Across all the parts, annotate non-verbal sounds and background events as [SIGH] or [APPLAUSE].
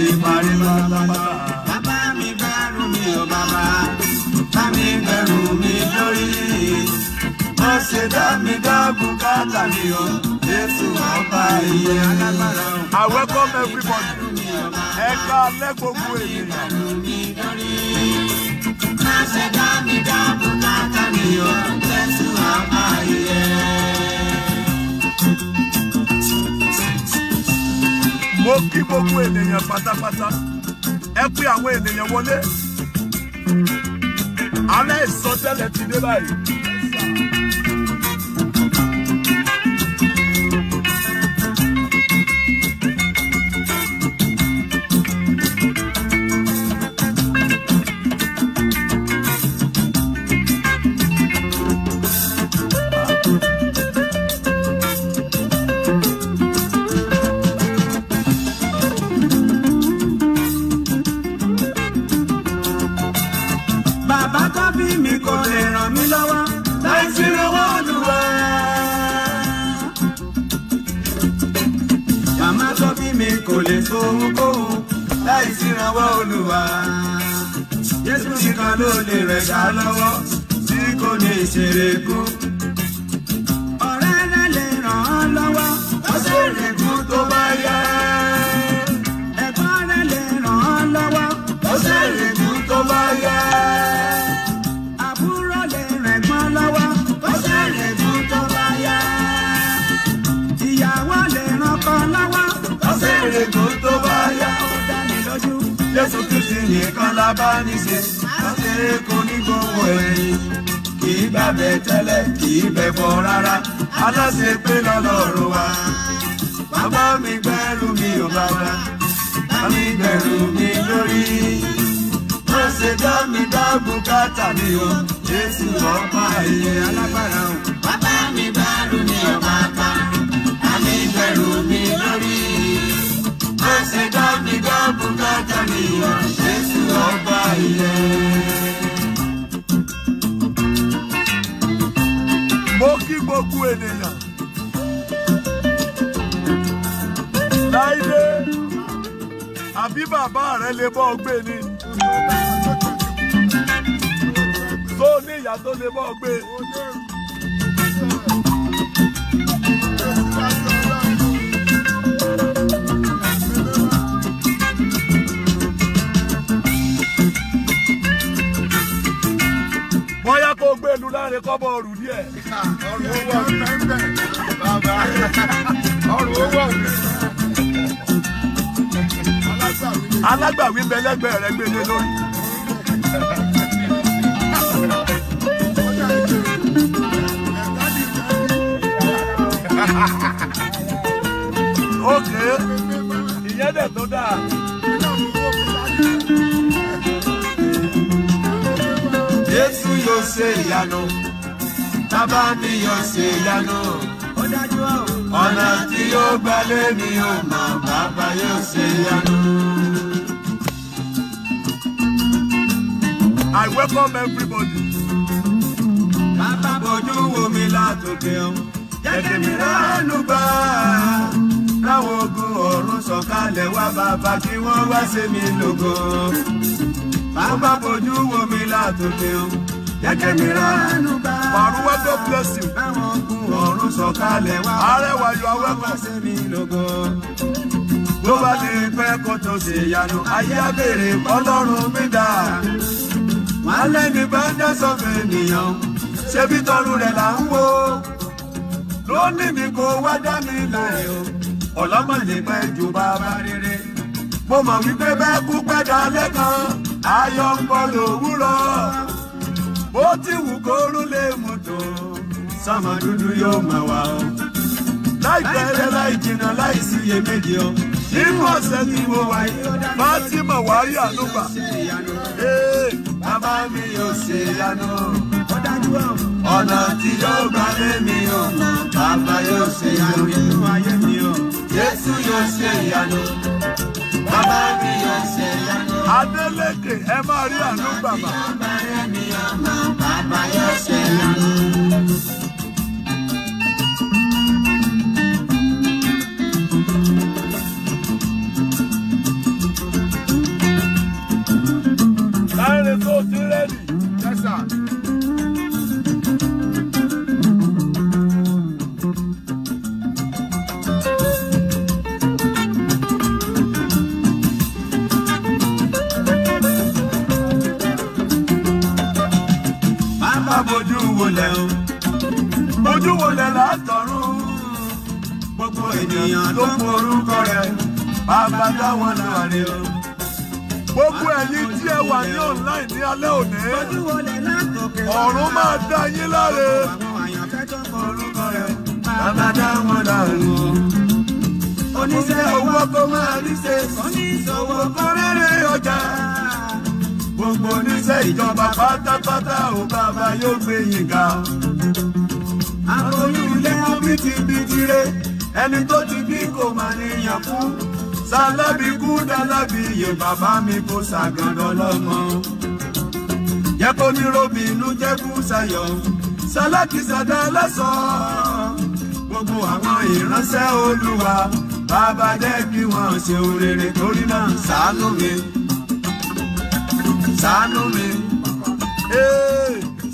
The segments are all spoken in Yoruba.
ti parí lọ́lọ́ba. Bàbá mi bẹ̀rù mi ò bàbá, bá mi bẹ̀rù mi lórí. Ó ṣe dá mi dá bùkátà mi o, Jésù ọba iye alágbára. I welcome everybody. Ẹ ká lẹ́gbọ̀gbọ̀ ènìyàn. Má ṣe dá mi dá bùkátà. kí gbogbo ènìyàn pátápátá ẹ pé àwọn ènìyàn wọlé alẹ́ ìsọtẹ́lẹ̀ ti dé báyìí. gbogbo ènìyàn. Láìdé, àbí bàbá rẹ̀ lè bọ́ ọgbẹ́ ni. Tó ní ìyá tó lè bọ́ ọgbẹ́. kó gbé lu láàrin kọ́bọ̀ ọ̀rù díẹ̀. alágbàwí bẹlẹ́gbẹ̀ẹ́ rẹ gbélé lórí. ókè [LAUGHS] ìyẹn dẹ̀ tó dáa. yóò ṣe ìyanu tábà ní yóò ṣe ìyanu ọ̀nà tí yóò gbalẹ̀ ni yóò mọ̀ bàbá yóò ṣe ìyanu. I welcome everybody. Bàbá bojú wo mi látòkè o, jẹ́kẹ́ mi ránú bá a. Láwọn ogun ọ̀run sọ̀kalẹ̀ wá bàbá kí wọ́n wá ṣe mí lógo. Bàbá bojú wo mi látòkè o jẹ́jẹ́ mi ránú bá. Màrúwá God bless you. Báwọn ogun ọ̀run sọ̀kalẹ̀ wá. Arẹwà you are welcome. Ṣé mi lógo? Tó bá lè pẹ́ kó tó ṣe ìyanu, ayé àbèrè ọlọ́run mi dà. Wọ́n lẹ́ni bá ń dẹ́sọ̀ fún ènìyàn, ṣé bí tọrù rẹ̀ là ń wò? Lónìí ni kò wá dá mi láì o, ọ̀lọ́mọdé pẹ́ ju bàbá rere. Mo mọ̀ wípé bẹ́ẹ̀ kú pẹ́ dalẹ́ kan, ayọ̀ ń bọ̀ lòwúrọ̀ bó ti wù kóró lè mú tó sàmà dúdú yóò máa wà o. láìpẹ́ rẹ láì jìnnà láì sí iyèméjì o nínú ọ̀sẹ̀ tí mo wà yìí Fatima Wari Anuba ee bàbá mi yóò ṣe ìyanu ọ̀nà tí yóò gbà lé mi o bàbá yóò ṣe ìyanu nínú ayé mi o Jésù yóò ṣe ìyanu bàbá mi yóò ṣe ìyanu. Adeleke ẹ máa rí àánú bàbá àbáyọ̀ṣe you sáré tó ti lẹ̀ látọ̀run gbogbo ènìyàn ló ń porúkọ rẹ̀ bàbá dáwọn náà rè o. gbogbo ẹ̀yin tí ẹ wà ní online ní alẹ́ òní ọ̀run máa dá yín láre. bàbá dáwọn náà rè o. oníṣẹ́ owó kó máa ríṣe oníṣòwò kó rere ọjà gbogbo oníṣẹ́ ìjọba pátápátá ò bàbá yóò gbé yín ga àkóyún ilé abitibitire ẹni tó ti bí kò mà níyàn fún sálábì kú dálábì yé bàbá mi kó ṣàgàdọ̀ lọ́mọ. jẹ́ kó ní robi inú jẹ́ kú sayọ̀ sálákì sàdá lọ́sàn-án gbogbo àwọn ìránṣẹ́ olúwa bàbá jẹ́ kí wọ́n ṣe òrèrè torí náà ṣàánú mi ṣàánú mi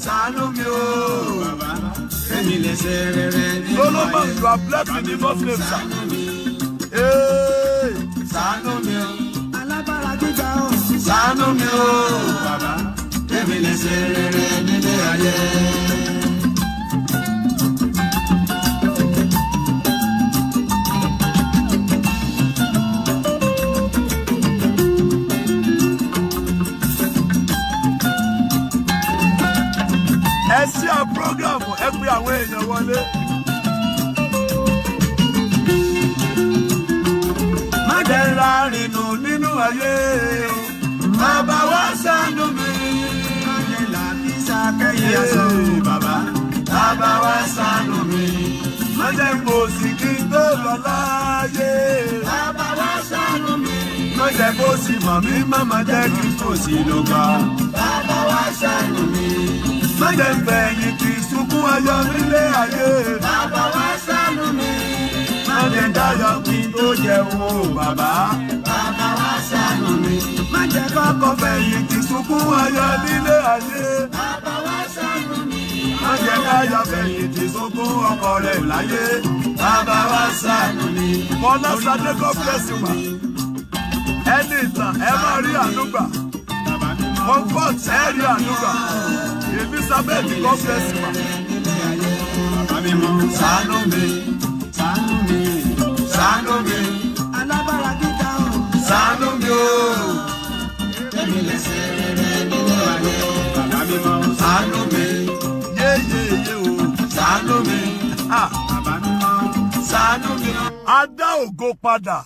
ṣàánú mi ooo. Lọ́lọ́mọ you are blessed in the most name sir. Ṣàánú mi o. Alábàárà gbígbà o. Ṣàánú mi o. Bàbá tẹ̀mí lẹ́sẹ̀ rere program ẹ pe àwọn èèyàn wọlé. má jẹ́ ra rìnnà nínú ayé o bàbá wa ṣàánú mi. má jẹ́ là kí sàkẹ́yẹ aṣọ mi bàbá bàbá wa ṣàánú mi. má jẹ́ mo sì kí n tó lọ láàyè. bàbá wa ṣàánú mi. má jẹ́ kó sì mọ̀ mí má má jẹ́ kí n kò sí lóga. bàbá wa ṣàánú mi. má jẹ́ fẹ̀yìntì sunkún ayọ̀ nílé ayé. bàbá wa ṣàánú mi. má jẹ́ dáyọ̀ kí n tó jẹ o bàbá. bàbá wa ṣàánú mi. má jẹ́ ká kọfẹ̀yìn tì sunkún ayọ̀ nílé ayé. bàbá wa ṣàánú mi. má jẹ́ dáyọ̀ fẹ̀yìn tì sunkún ọkọ rẹ̀ láyé. bàbá wa ṣàánú mi. bọ́lá sadé kọ́ fẹ́sì wá. ẹni ìtàn ẹ máa rí ànúgbà. mo gbọ́ tẹ́ ẹ rí Elizabeth, God bless you. Salome, Salome, Salome, mi, ṣàánú mi. Alábàárà kíkà o. Ṣàánú mi o.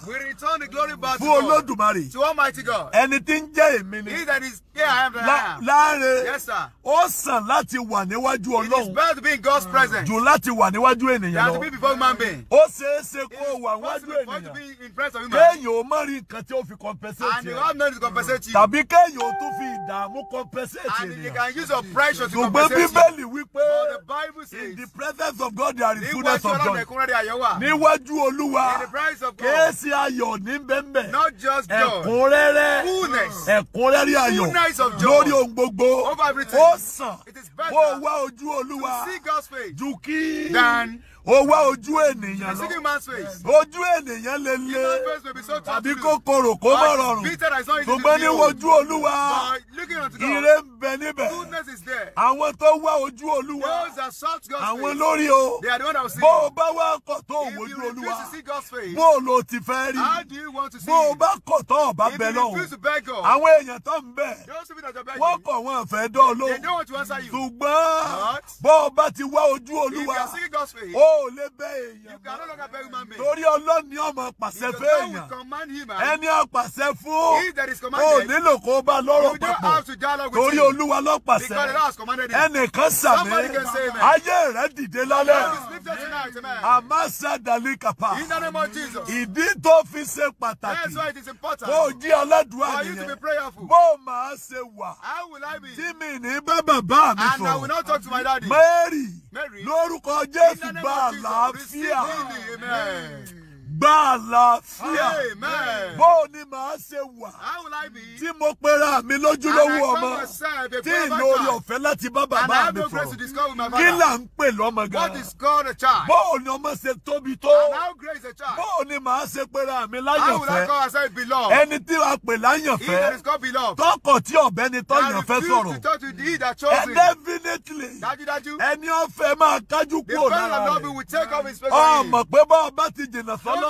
we return the glory back to God. to Almighty God. Anything, tí jẹ́ èmi ni. he that is láre ó sàn láti wà níwájú ọlọ́run. it is better to be in God's presence. jù láti wà níwájú ènìyàn lọ. than to be before human being. ó ṣeé ṣe kó wà níwájú ènìyàn. kéèyàn ó má rí nǹkan tí ó fi compensate. and you have nothing to compensate you. tàbí kéèyàn ó tún fi ìdààmú compensate ènìyàn. and you can use your pressure to compensate you. ṣùgbọ́n bíbélì wípé in the presence of God there is fullness of joy. níwájú olúwa kéèsì ayọ̀ ní bẹ́ẹ̀ bẹ́ẹ̀ ẹ̀kúnrẹ́rẹ́ ẹ̀kúnrẹ́rẹ́ ayọ̀ lórí ohun gbogbo ó sàn kó o wá ojú Olúwa ju kí ó wá ojú ènìyàn lọ ojú ènìyàn lè le tàbí kó korò kó mọ̀ rọrùn ṣùgbọ́n ní ojú olúwa ire ń bẹ níbẹ̀ àwọn tó wá ojú olúwa àwọn lórí o bó o bá wá kọ̀ tó wojú olúwa bó o lo ti fẹ́ rí bó o bá kọ̀ tó ọ̀bá bẹ lọ́hùn àwọn èèyàn tó ń bẹ wọ́n kọ̀ wọ́n fẹ́ dán olóhùn ṣùgbọ́n bó o bá ti wá ojú olúwa ó ò lè bẹ èèyàn. You can no longer bẹ human being. Torí Ọlọ́run ni ó máa pàṣẹ fún èèyàn. Lord will command him out. Ẹni ó pàṣẹ fún. He that nílò kó bá lọ́rọ̀ papọ̀. Torí Olúwa ló pàṣẹ. Ẹnìkan sàmì. Somebody can say amen. Ayé rẹ̀ dìde lálẹ́. Somebody is lifted tonight, amen. Amasa In the name of Jesus. Ìdí tó fi ṣe pàtàkì. That's why it is important. Bó o jí aládùúrà nìyẹn. you to be prayerful. Bó o máa ṣe wà. How will I be? Tí mi ní bá bàbá mi sọ. And I will not talk to my daddy. Mary lórúkọ Jésù gba àlàáfíà gba àlàáfíà bó o ní màá ṣe wà tí mo pera mi lójúlówó ọmọ tí ìlú orí ọ̀fẹ́ láti bá bàbá mi fọ̀ kí là ń pè lọ́mọ gan bó o ní ọmọ ṣe tóbi tó bó o ní màá ṣe pera mi láyànfẹ́ ẹni tí a pè láyànfẹ́ tọkọ tí ọ̀bẹ ni tọ́yànfẹ́ sọ̀rọ̀ ẹ definitely ẹni ọ̀fẹ́ máa kájú kúrò lára rẹ̀ ọmọ pé bá ọba ti jìnnà sọ́lọ́.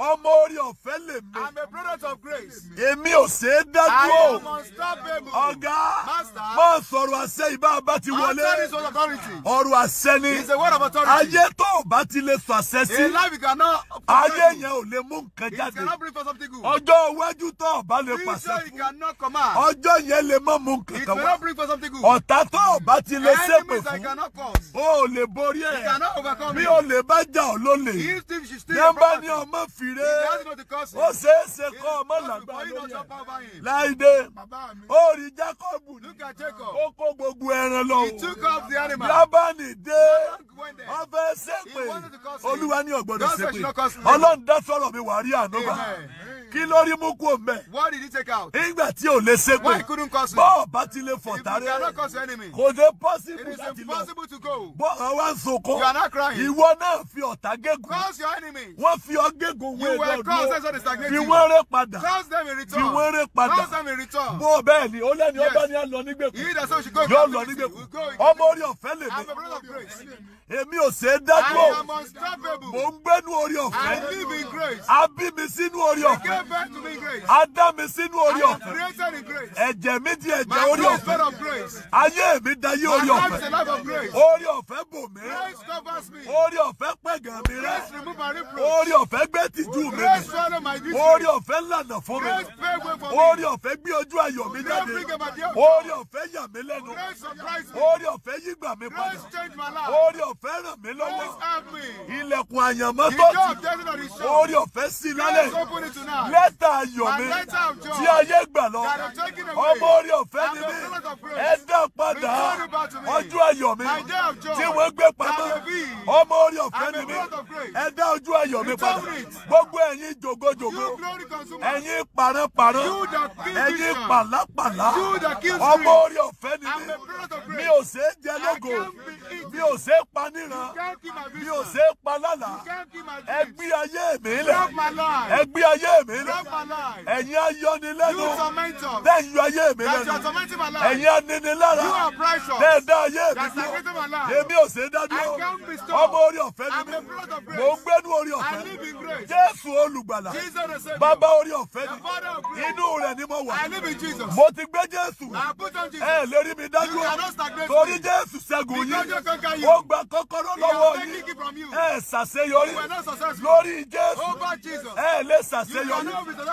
ọmọ orí ọ̀fẹ́ lè mi. I'm a product of grace. èmi ò ṣe é dájú o. unstoppable. ọ̀gá mọ̀ sọ̀rọ̀ àṣẹ ìbá bá ti wọlé. of authority. ọ̀rọ̀ àṣẹ ni. It's a word of authority. ayé tó o bá ti lè sọ àṣẹ sí. In life you cannot. ayé yẹn ò lè mú nǹkan jáde. It cannot bring for something good. ọjọ́ iwájú tó o bá lè pàṣẹ fún. Future you cannot command. ọjọ́ yẹn lè mọ́ mú nǹkan kan wá. It cannot bring for something good. ọ̀tá tó o bá ti lè ṣépè fún. o ò lè borí ẹ̀. You cannot overcome me. mi ò lè bá jà ọ́ lólè. If things should still ire ó ṣeé ṣe kọ́ ọmọ làgbà lórí láìdé ó rí Jákọ́bù ní ó kó gbogbo ẹran lọ Lábánì dé ó fẹ́ ṣépè Olúwa ní ọ̀gbọ́dọ̀ ṣépè Ọlọ́run dá sọ̀rọ̀ mi wà rí ànúbà kí ló rí mú kú mẹ́. what did he take out. nígbà tí ò lè ṣe pé. why he couldn't cause it. bọ́ọ̀ bá ti lè fọ̀ tàrí. if you cannot cause your enemy. kò dé possible láti lọ. it is impossible to go. bọ́ọ̀ wá ń sunkún. you are not crying. ìwọ náà fi ọ̀tá gégùn. cause your enemy. wọ́n fi ọ gégùn wé lọ́dún. you were crossed as well as stagnating. fi wéré padà. cross them in return. fi wéré padà. cross them in return. bó bẹ́ẹ̀ ni ó lẹ́ni ọba ni a lọ nígbèkùn. yìí dà sọ́ọ́ ṣe go. yóò lọ nígbèkùn. ọmọ orí ọ̀fẹ́ lè mi. èmi ò ṣe é I am unstoppable. I live in grace. a bí mi sínú Adam mi sínú orí ọ̀fẹ́. Ẹ̀jẹ̀ mi di ẹ̀jẹ̀ orí ọ̀fẹ́. Ayé mi dayé orí ọ̀fẹ́. Orí ọ̀fẹ́ bò mí. Orí ọ̀fẹ́ pẹ̀gàn mi rẹ́. Orí ọ̀fẹ́ gbé tìjú mi mi. Orí ọ̀fẹ́ lànà fún mi. Orí ọ̀fẹ́ gbé ojú ayọ̀ mi jáde. Orí ọ̀fẹ́ yà mí lẹ́nu. Orí ọ̀fẹ́ yígbà mi padà. Orí ọ̀fẹ́ ràn mí lọ́wọ́. Ilẹ̀kùn àyànmọ́ tó ti. Orí ọ̀fẹ́ sí lálẹ́ lẹ́tà ayọ̀ mi tí ayé gbà lọ ọmọ orí ọ̀fẹ́ ni mí ẹ dá padà ọjọ́ ayọ̀ mi tí wọ́n gbé pamọ́ ọmọ orí ọ̀fẹ́ ni mí ẹ dá ojú ayọ̀ mi padà gbogbo ẹ̀yin jògójògó ẹ̀yin paránparán ẹ̀yin pàlápàlá ọmọ orí ọ̀fẹ́ ni mí mi ò ṣe é jẹ lógo mi ò ṣe é pa níran mi ò ṣe pa lálàá ẹ gbé ayé mi lẹ̀ ẹ gbé ayé mi ẹ̀yin ayọ́nilẹ́nu bẹ́ẹ̀ yọ ayé mi lẹ́nu ẹ̀yin aninilára bẹ́ẹ̀ dá ayé mi lọ èmi ò ṣe dájú ọmọ orí ọ̀fẹ́ ni mi mò ń gbẹ́nu orí ọ̀fẹ́ Jésù olùgbàlà bàbá orí ọ̀fẹ́ ni inú rẹ̀ ni mo wà mo ti gbé Jésù ẹ lè rí mi dájú torí Jésù ṣẹ́gun yín ó gba kọ́kọ́rọ́ lọ́wọ́ yín ẹ ṣàṣeyọrí lórí Jésù ẹ lè ṣàṣeyọrí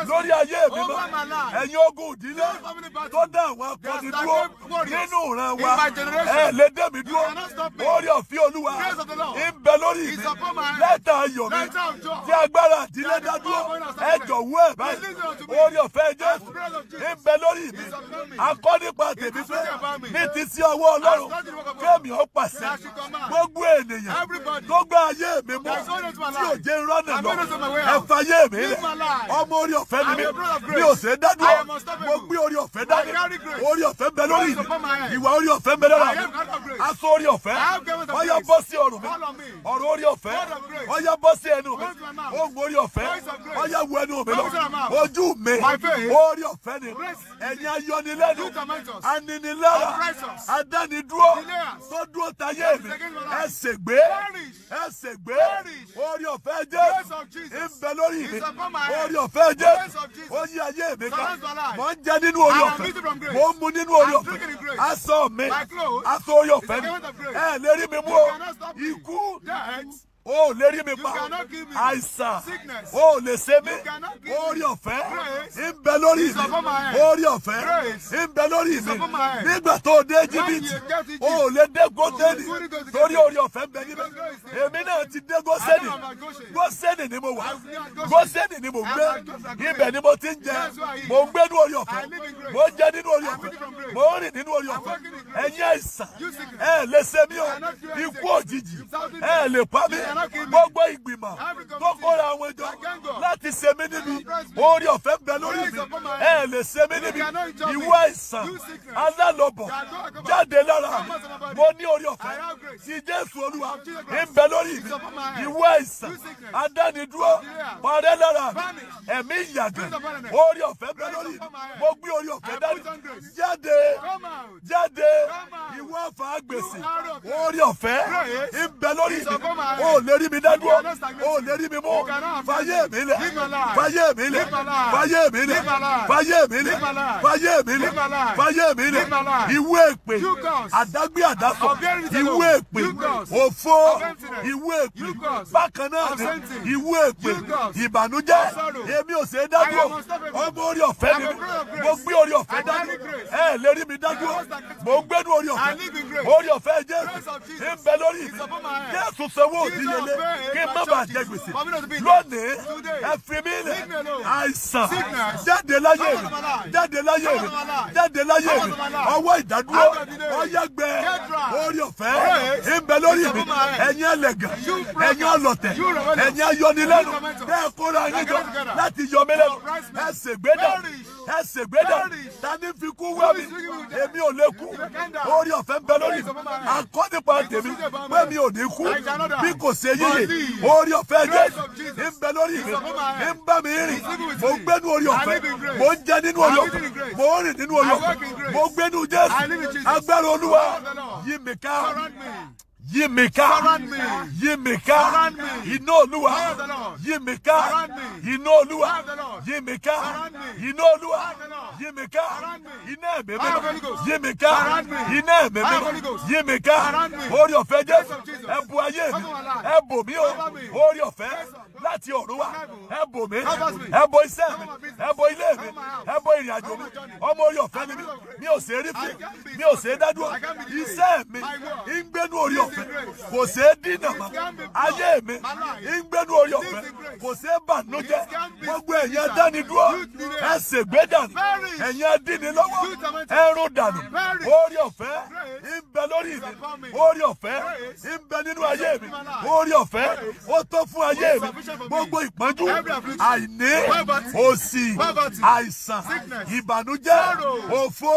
lórí ayé mi mọ́ ẹ̀yin ogun ìdílé tó dá àwọn akọni dúró nínú ìran wa ẹ̀ lè dé mi dúró orí ọ̀fin olúwa ń bẹ lórí mi lẹ́tà ayọ̀ mi tí agbára ìdílé dá dúró ẹ jọ̀wọ́ ẹ̀ báyìí orí ọ̀fẹ́ jésù ń bẹ lórí mi akọ́nípa tèmi pé ní ti sí ọwọ́ ọlọ́run kéèmì ó pàṣẹ gbogbo ènìyàn tó gbá ayé mi mọ́ tí ò jẹ́ rọ́nà lọ ẹ̀fà ayé mi rẹ̀ ọmọ orí ọ̀fẹ́ ni mi mi ò ṣe dádúró mo gbé orí ọ̀fẹ́ dání orí ọ̀fẹ́ bẹ lórí mi ìwà orí ọ̀fẹ́ bẹ lọ́la mi aṣọ orí ọ̀fẹ́ ọyọ bọ́ sí ọrùn mi ọ̀rọ̀ orí ọ̀fẹ́ ọyọ bọ́ sí ẹnu mi ohùn orí ọ̀fẹ́ ọyọ wọ ẹnu mi lọ ojú mi orí ọ̀fẹ́ ni ẹ̀yin ayọnilẹ́nu aninilára adánidúró tó dúró tayé mi ẹ ṣègbé ẹ ṣègbé orí ọ̀fẹ́ jẹ́ ń bẹ lórí mi orí ọ̀fẹ́ ọ̀fẹ́ jẹ́ ó yí ayé mi ká mò ń jẹ nínú orí ọ̀fẹ́ mò ń mu nínú orí ọ̀fẹ́ aṣọ mi aṣọ orí ọ̀fẹ́ mi ẹ̀ lérí mi mú ikú o lè rí mi pa àìsàn o lè ṣe mí orí ọ̀fẹ́ ń bẹ lórí mi orí ọ̀fẹ́ ń bẹ lórí mi nígbà tó o dé jìbìtì o lè dé gọ́sẹ̀nì torí orí ọ̀fẹ́ ń bẹ níbẹ̀ èmi náà ti dé gọ́sẹ̀nì gọ́sẹ̀nì ni mo wà gọ́sẹ̀nì ni mo gbé ibẹ̀ ni mo ti ń jẹ mo ń gbé nínú orí ọ̀fẹ́ mo ń jẹ nínú orí ọ̀fẹ́ mo ń rìn nínú orí ọ̀fẹ́ ẹ̀yin àìsàn ẹ̀ lè ṣe mí o ikú òjijì ẹ̀ lè pa mí gbogbo ìgbìmọ̀ tó kóra àwọn ẹjọ́ láti ṣe mí níbi orí ọ̀fẹ́ bẹ lórí mi ẹ lè ṣe mí níbi ìwọ àìsàn alálọ́bọ̀ jáde lára mo ní orí ọ̀fẹ́ tí Jésù Olúwa ń bẹ lórí mi ìwọ àìsàn adánidúró parẹ́ lára ẹ̀mí ìyàgẹ̀ orí ọ̀fẹ́ bẹ lórí mi mo gbé orí ọ̀fẹ́ dání jáde jáde ìwọ àfà orí ọ̀fẹ́ ń bẹ lórí mi lè rí mi dádúró o lè rí mi mú fàyè mi lẹ̀ fàyè mi lẹ̀ fàyè mi lẹ̀ fàyè mi lẹ̀ fàyè mi lẹ̀ fàyè mi lẹ̀ ìwé èpè àdágbé àdásọ ìwé èpè òfò ìwé èpè bákan náà ni ìwé èpè ìbànújẹ́ èmi ò ṣe é dádúró ọmọ orí ọ̀fẹ́ ni mo gbé orí ọ̀fẹ́ dádúró ẹ lè rí mi dádúró mo gbẹ́nu orí ọ̀fẹ́ orí ọ̀fẹ́ Jésù ń bẹ lórí Jésù sanwó òdì lélẹ̀ kí n má bàa jẹ gbèsè lónìí ẹ fi mí lẹ̀ àìsàn jáde láyé mi jáde láyé mi jáde láyé mi ọwọ́ ìdádúró ọyẹ́gbẹ́ orí ọ̀fẹ́ ìbẹ̀ lórí mi ẹ̀yin ẹlẹ́gà ẹ̀yin ọlọ̀tẹ̀ ẹ̀yin ayọnilẹ́nu bẹ́ẹ̀ kóra yín jọ láti yọ mí lẹ́nu ẹ ṣègbédà ẹ ṣègbédà tani fi kú wá mi èmi ò lè kú orí ọ̀fẹ́ ń bẹ lórí mi àkọ́ nípa tèmi pé mi ò ní kú bí kò ṣe yíyẹ orí ọ̀fẹ́ Jésù ń lórí mi mi rìn mo gbé nínú orí ọ̀fẹ́ mo jẹ nínú orí ọ̀fẹ́ mo rìn nínú orí ọ̀fẹ́ mo gbé nínú Jésù agbára Olúwa yí mi ká yí mi ká yí mi ká iná olúwa yí mi ká iná olúwa yí mi ká iná olúwa yí mi ká iná ẹ̀mí mímọ́ yí mi ká iná ẹ̀mí mímọ́ yí mi ká orí ọ̀fẹ́ jésù ẹ bù ayé mi ẹ bò mí o orí ọ̀fẹ́ láti ọ̀run wá ẹ bò mí ẹ bò iṣẹ́ mi ẹ bò ilé mi ẹ bò ìrìn àjò mi ọmọ orí ọ̀fẹ́ mi mi ò ṣe é rí fún mi ò ṣe é dádúró iṣẹ́ mi ń gbénú orí ọ̀fẹ́ kò ṣe é dínà mọ́ ayé mi ìgbẹ́nu orí ọ̀fẹ́ kò ṣe é bànújẹ́ gbogbo ẹ̀yin adánidúró ẹ ṣègbé dànù ẹ̀yin adínilọ́wọ́ ẹ rún dànù orí ọ̀fẹ́ ń bẹ lórí mi orí ọ̀fẹ́ ń bẹ nínú ayé mi orí ọ̀fẹ́ ó tó fún ayé mi gbogbo ìpọ́njú àìní òṣì àìsàn ìbànújẹ́ òfo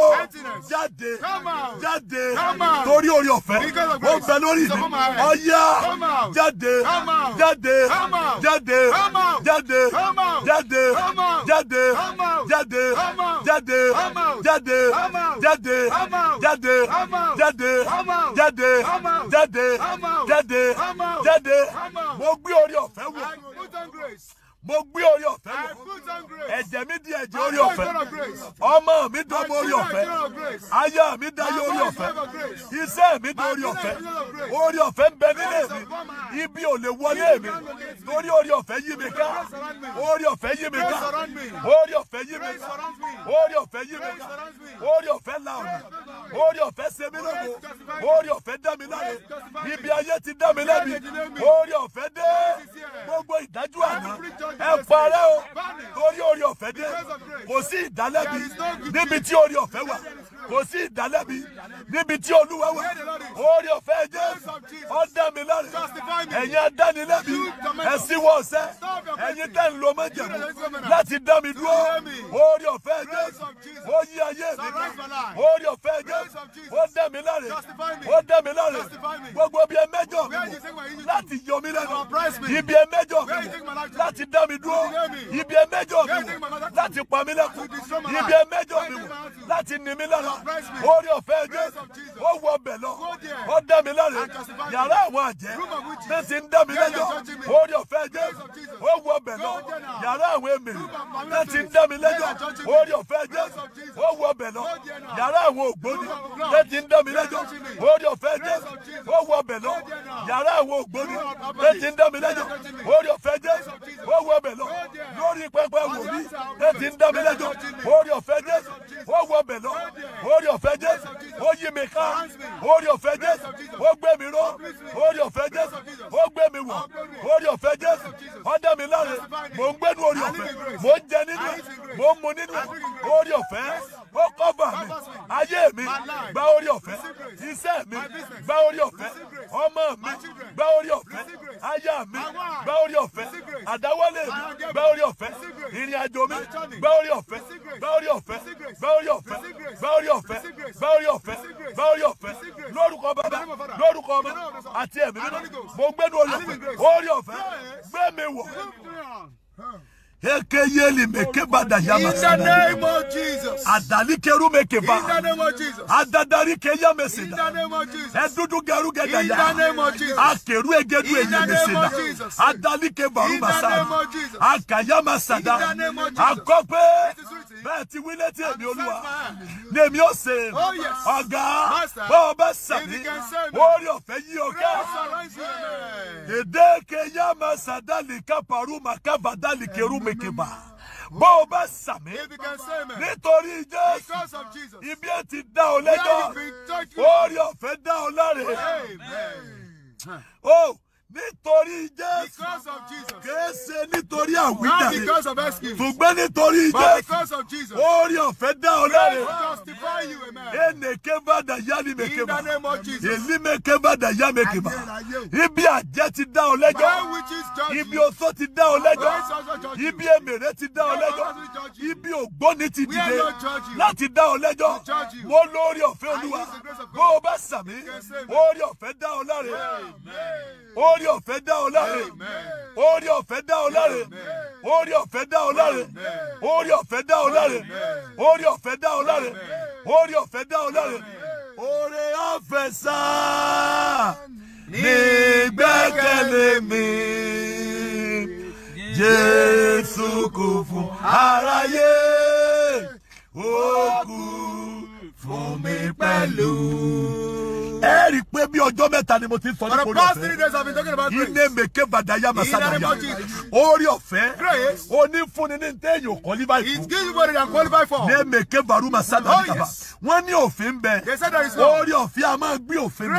jáde jáde torí orí ọ̀fẹ́ ó bẹ lórí lórí mi ọ̀yá jáde jáde jáde jáde jáde jáde jáde jáde jáde jáde jáde jáde jáde jáde jáde jáde mo gbé orí ọ̀fẹ́ wò mo gbé orí ọ̀fẹ́ wọ̀ ẹ̀jẹ̀ mi di ẹ̀jẹ̀ orí ọ̀fẹ́ ọmọ mi dọmọ orí ọ̀fẹ́ aya mi dayọ orí ọ̀fẹ́ iṣẹ́ mi di orí ọ̀fẹ́ orí ọ̀fẹ́ ń bẹ nílé mi ibi ò lè wọlé mi torí orí ọ̀fẹ́ yí mi ká orí ọ̀fẹ́ yí mi ká orí ọ̀fẹ́ yí mi ká orí ọ̀fẹ́ yí mi ká orí ọ̀fẹ́ la ọ̀nà orí ọ̀fẹ́ ṣe mí lógo orí ọ̀fẹ́ dá mi láre ibi ayé ti dá mi lẹ́bi orí ọ̀fẹ́ dé gbogbo ìdájú àná ẹ parẹ́ o torí orí ọ̀fẹ́ dé kò sí ìdálẹ́bi níbi tí orí ọ̀fẹ́ wà kò sí ìdálẹ́bi níbi tí olúwa wà orí ọ̀fẹ́ jésù ó dá mi láre ẹ̀yin adánilẹ́bi ẹ ṣíwọ́ ọ̀sẹ̀ ẹ̀yin tẹ́ ń lo májẹ̀mú láti dá mi dúró orí ọ̀fẹ́ jésù ó yí ayé mi ká orí ọ̀fẹ́ jésù ó dá mi láre ó dá mi láre gbogbo ibi ẹ̀mẹ́jọ mi wò láti yọ mi lẹ́nu ibi ẹ̀mẹ́jọ mi wò láti dá mi dúró ibi ẹ̀mẹ́jọ mi wò láti pa mi lẹ́kùn ibi ẹ̀mẹ́jọ mi orí ọ̀fẹ́ jẹ́ ó wọ ọbẹ̀ lọ ó dá mi láre yàrá àwọn àjẹ́ tí ti ń dá mi lẹ́jọ́ orí ọ̀fẹ́ jẹ́ ó wọ ọbẹ̀ lọ yàrá àwọn èmèrè tí ti ń dá mi lẹ́jọ́ orí ọ̀fẹ́ jẹ́ ó wọ ọbẹ̀ lọ yàrá àwọn ògbóni tí ti ń dá mi lẹ́jọ́ orí ọ̀fẹ́ jẹ́ ó wọ ọbẹ̀ lọ yàrá àwọn ògbóni tí ti ń dá mi lẹ́jọ́ orí ọ̀fẹ́ jẹ́ ó wọ ọbẹ̀ lọ lórí pẹpẹ wòlíì tí ti ń dá mi lẹ́jọ́ orí ọ̀fẹ́ jẹ́ ó wọ ọbẹ̀ lọ orí ọ̀fẹ́ Jésù ó yí mi ká orí ọ̀fẹ́ Jésù ó gbé mi ró orí ọ̀fẹ́ Jésù ó gbé mi wọ̀ orí ọ̀fẹ́ Jésù ó dá mi láre mò ń gbénu orí ọ̀fẹ́ mò ń jẹ nínú mò ń mu nínú orí ọ̀fẹ́ ó kọ́bà mi ayé mi gba orí ọ̀fẹ́ iṣẹ́ mi gba orí ọ̀fẹ́ ọmọ mi gba orí ọ̀fẹ́ aya mi gba orí ọ̀fẹ́ àdáwọ́lé mi gba orí ọ̀fẹ́ ìrìn àjò mi gba orí ọ̀fẹ́ gba orí ọ̀fẹ́ gba orí ọ̀fẹ́ gba orí ọ̀fẹ́ gba orí ọ̀fẹ́ gba orí ọ̀fẹ́ lórúkọ bàbá lórúkọ ọmọ àti ẹ̀mí mímọ́ mo gbẹ́nu orí ọ̀fẹ́ orí ọ̀fẹ́ gbẹ́mi wọ̀. Ekeyeli mekebada yama. In the name of Jesus. Adali keru mekeba. In the name of Jesus. Adadari keya meseda. In the name of Jesus. Edudu geru gedaya. In the name of Jesus. Akeru egedu enye meseda. Adali kebaru masada. In the name of Jesus. Akaya masada. In the name of Jesus. Akope. Bẹ́ẹ̀ ti wílé tí èmi olúwa. Lèmi ó ṣe. Ọ̀gá. Bọ́ ọ bẹ́ sàmí. Orí ọ̀fẹ́ yí ọ̀gá. Èdè keya masada lè kápárù màkàbàdà lè keru mẹ kìbà bó o bá sàmì nítorí Jésù ibi ẹ ti dá ọ lẹ́jọ́ orí ọ̀fẹ́ dá ọ láre nítorí jésù kìí ṣe nítorí àwíjàre ṣùgbọ́n nítorí jésù orí ọ̀fẹ́ dá ọ lẹ́rẹ̀ enekeba dayani mekeba elimekeba daya mekeba ibi àjẹ́ ti dá ọ lẹ́jọ́ ibi oṣó ti dá ọ lẹ́jọ́ ibi èmèrè ti dá ọ lẹ́jọ́ ibi ògbóni ti dìde láti dá ọ lẹ́jọ́ mo lórí ọ̀fẹ́ olúwa bó o bá sàmí orí ọ̀fẹ́ dá ọ lẹ́rẹ̀ orí ọ̀fẹ́ dá ọ láre orí ọ̀fẹ́ dá ọ láre orí ọ̀fẹ́ dá ọ láre orí ọ̀fẹ́ dá ọ láre orí ọ̀fẹ́ dá ọ láre orí ọ̀fẹ́ dá ọ láre orí ọ̀fẹ́ sá ní gbẹ́kẹ̀lé mi Jésù kú fún aráyé ó kú fún mi pẹ̀lú ẹ rí i pé bí ọjọ́ mẹ́ta ni mo ti sọ nípa orí ọ̀fẹ́ iné mèké bàdáyà màsàdáyà orí ọ̀fẹ́ onífúnni ní ntẹ́ yóò qualify fún ní mèké varu màsàdáyà wọ́n ní òfin bẹ́ẹ̀ orí ọ̀fẹ́ a máa gbé òfin mi.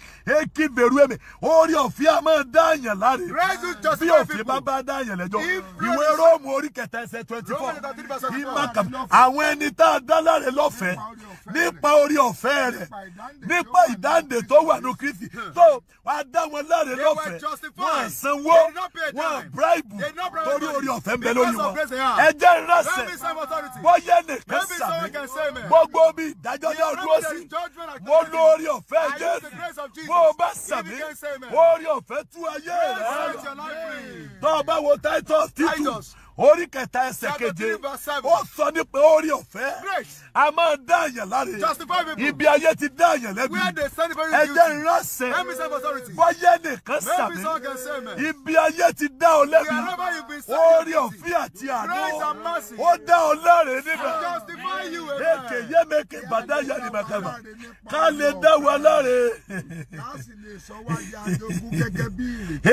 eki bẹ̀rù ẹ̀mí orí ọ̀fẹ́ a máa dá àyàn láre bí òfin bá bá dá àyàn lẹ́jọ́ ìwé róòmù orí kẹta ẹsẹ̀ twenty four ìmàkà àwọn ẹni tá a dá láre lọ́fẹ̀ẹ́ nípa orí ọ̀fẹ́ rẹ̀ nípa ìdáǹdè tó wà ní kristi tó hmm. a dá wọn láre lọ́fẹ̀ẹ́ wọn à sanwó wọn à bíráìbù torí orí ọ̀fẹ́ ń bẹ lórí wọn ẹ jẹ́ bóyá nìkan sàmì gbogbo bí ìdájọ́ náà dúró sí mo lórí ọ̀fẹ́ jésù bó o bá sàmì orí ọ̀fẹ́ tú ayé rẹ̀ tó o bá wo titus titus orí kẹta ẹsẹ̀ keje ó sọ nípa orí ọ̀fẹ́ a máa dá àyàn láre ibi ayé ti dá àyàn lẹ́bi ẹjẹ́ ìránṣẹ́ bọ́yẹ́ nìkan sàmì ibi ayé ti dá ọ lẹ́bi orí ọ̀fẹ́ àti àánú ó dá ọ láre níbẹ̀ èkè yémeke bàdá yàrá ìbàkàbà ká lè dá wa láre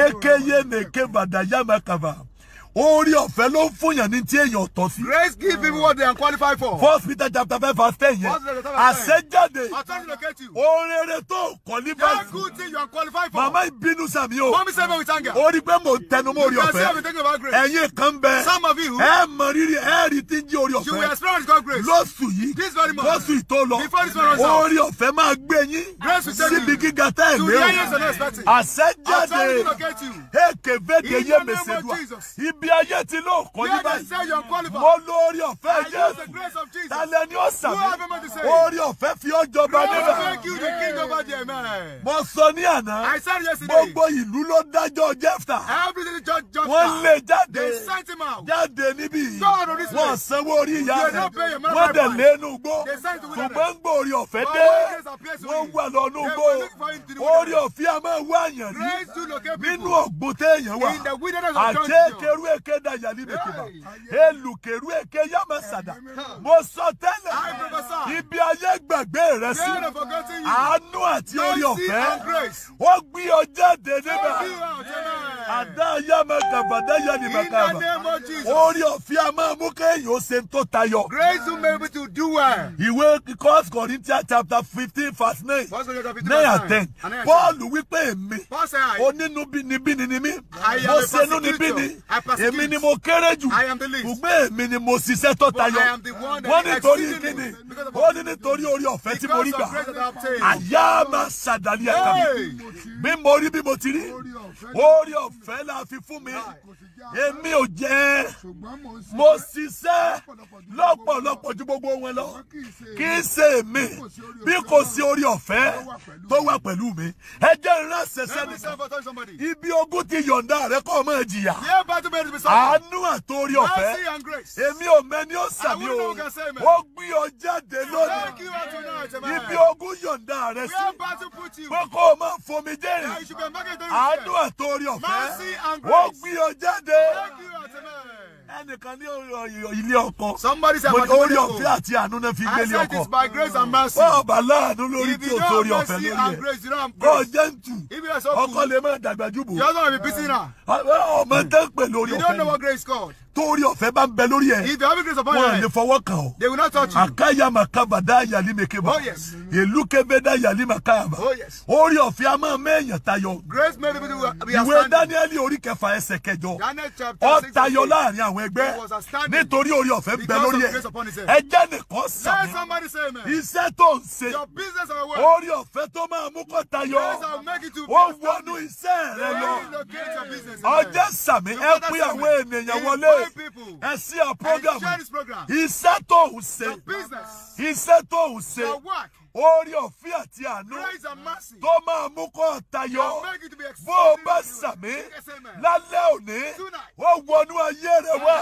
èkè yémeke bàdá yàrá orí ọ̀fẹ́ ló ń fún yàn ní tí èèyàn tọ́ sí. grace give people what they are qualified for. first peter chapter five verse ten yẹn àṣejáde oore tó kọ́ ní báyìí màmá ìbínú sàmì o ó rí pé mò ń tẹnu mọ́ orí ọ̀fẹ́ ẹ̀yin kan bẹ ẹ mọ rírì ẹ rí tí ń jí orí ọ̀fẹ́ lóṣù yìí lóṣù ìtó lọ orí ọ̀fẹ́ máa gbé yín síbi gíga tẹ́ ẹ̀ lé o àṣejáde èkèvédè yé mèsèdúà ibi. Ibi ayé ti ló kọ́ ní báyìí. Mo lo orí ọ̀fẹ́ Jésù. Tálẹ̀ ni ó sàmì. Orí ọ̀fẹ́ fi ó jọba níbẹ̀. Mo sọ ní àná. Gbogbo ìlú ló dájọ́ Jẹ́fta. Wọ́n lé jáde. Jáde níbí. Wọ́n sanwó orí ìyá rẹ̀. Wọ́n dẹ̀ lẹ́nu gbó. Ṣùgbọ́n ń gbòòrí ọ̀fẹ́ dé. Wọ́n wà lọ́nu gbó. Orí ọ̀fẹ́ a máa wá àyàn ní. Nínú ọ̀gbọ́n téèyàn wà. Àjẹ́ kẹrù ẹ̀ eke da yali bekeba elukeru eke yama sada mo sọ tẹ́lẹ̀ ibi ayé gbàgbé rẹ sí àánú àti orí ọ̀fẹ́ ó gbé ọ jáde níbẹ̀ àdá ya ma gàbàdá ya ni ma kà ma orí ọ̀fẹ́ a máa mú kéèyàn ó ṣe tó tayọ. grace will be able to do well. ìwé First Corinthians chapter fifteen verse nine nine and ten Paul wípé èmi onínúbínibíni ni mí mo ṣenú ni bíni èmi ni mo kéré jù ṣùgbọ́n èmi ni mo ṣiṣẹ́ tó tayọ wọ́n nítorí kíni ó ní nítorí orí ọ̀fẹ́ tí mo rí gbà àyà máa ṣàdálẹ̀ àkàmì bí mo rí bí mo ti rí orí ọ̀fẹ́ ọ̀fẹ́ la fi fún mi èmi ò jẹ́ mo ṣiṣẹ́ lọ́pọ̀lọpọ̀ ju gbogbo wọn lọ kì í ṣe mi bí kò sí orí ọ̀fẹ́ tó wà pẹ̀lú mi ẹ jẹ́ ìránṣẹ́ sẹ́ni ibi ogún ti yọ̀ǹda rẹ kọ́ ọmọ ìjìyà àánú àtòrí ọ̀fẹ́ èmi ò mẹ́ni ó sàmì o ó gbé ọ jáde lónìí ibi ogún yọ̀ǹda rẹ sí pé kó o máa fomi jẹ́rìí àánú àtòrí ọ̀fẹ́ rẹ wọ́n gbé ọ jáde ẹnìkan ní ilé ọkọ orí ọ̀fẹ́ àti àánú náà fi gbé ilé ọkọ bọ́ọ̀ bá láàánú lórí tí o torí ọ̀fẹ́ lórí ẹ̀ kọ́ jẹ́ǹtù ọkọ lè má dàgbà jùbọ̀ ọmọ hmm. tẹ́ ń pè lórí ọ̀fẹ́ torí ọ̀fẹ́ bá ń bẹ lórí ẹ. if the heaven grace upon your wọn lè fọwọ́ kàn ọ́. they will not touch you. àkáyà màkàbà dá yàlí mèkébà. oh yes. ìlú kébé dá yàlí màkàbà. oh yes. orí ọ̀fẹ́ a máa mẹ́yàn tayọ. grace made people to be outstanding. ìwé daniel orí kẹfà ẹsẹ̀ kẹjọ. daniel chapter six. tayọ láàrin àwọn ẹgbẹ́. he was outstanding. nítorí orí ọ̀fẹ́ ń bẹ lórí ẹ. because grace upon his nìkan sàmì. let somebody say amen. iṣẹ́ tó ń ṣe. your business of work. orí ọ̀fẹ́ tó máa mú kọ́ tayọ. grace will make it to be outstanding. ó wọnú iṣẹ́ rẹ lọ. relocate your business. ọjọ́ sàmì ẹ pín àwọn ènìyàn wọlé people. Ẹ sí our program. And share this program. Iṣẹ́ tó ń ṣe. Your business. Iṣẹ́ tó ń ṣe. Your work orí ọ̀fẹ́ àti àánú tó máa mú kó tayọ bó o bá sàmí lálẹ́ òní ó wọnú ayé rẹ wá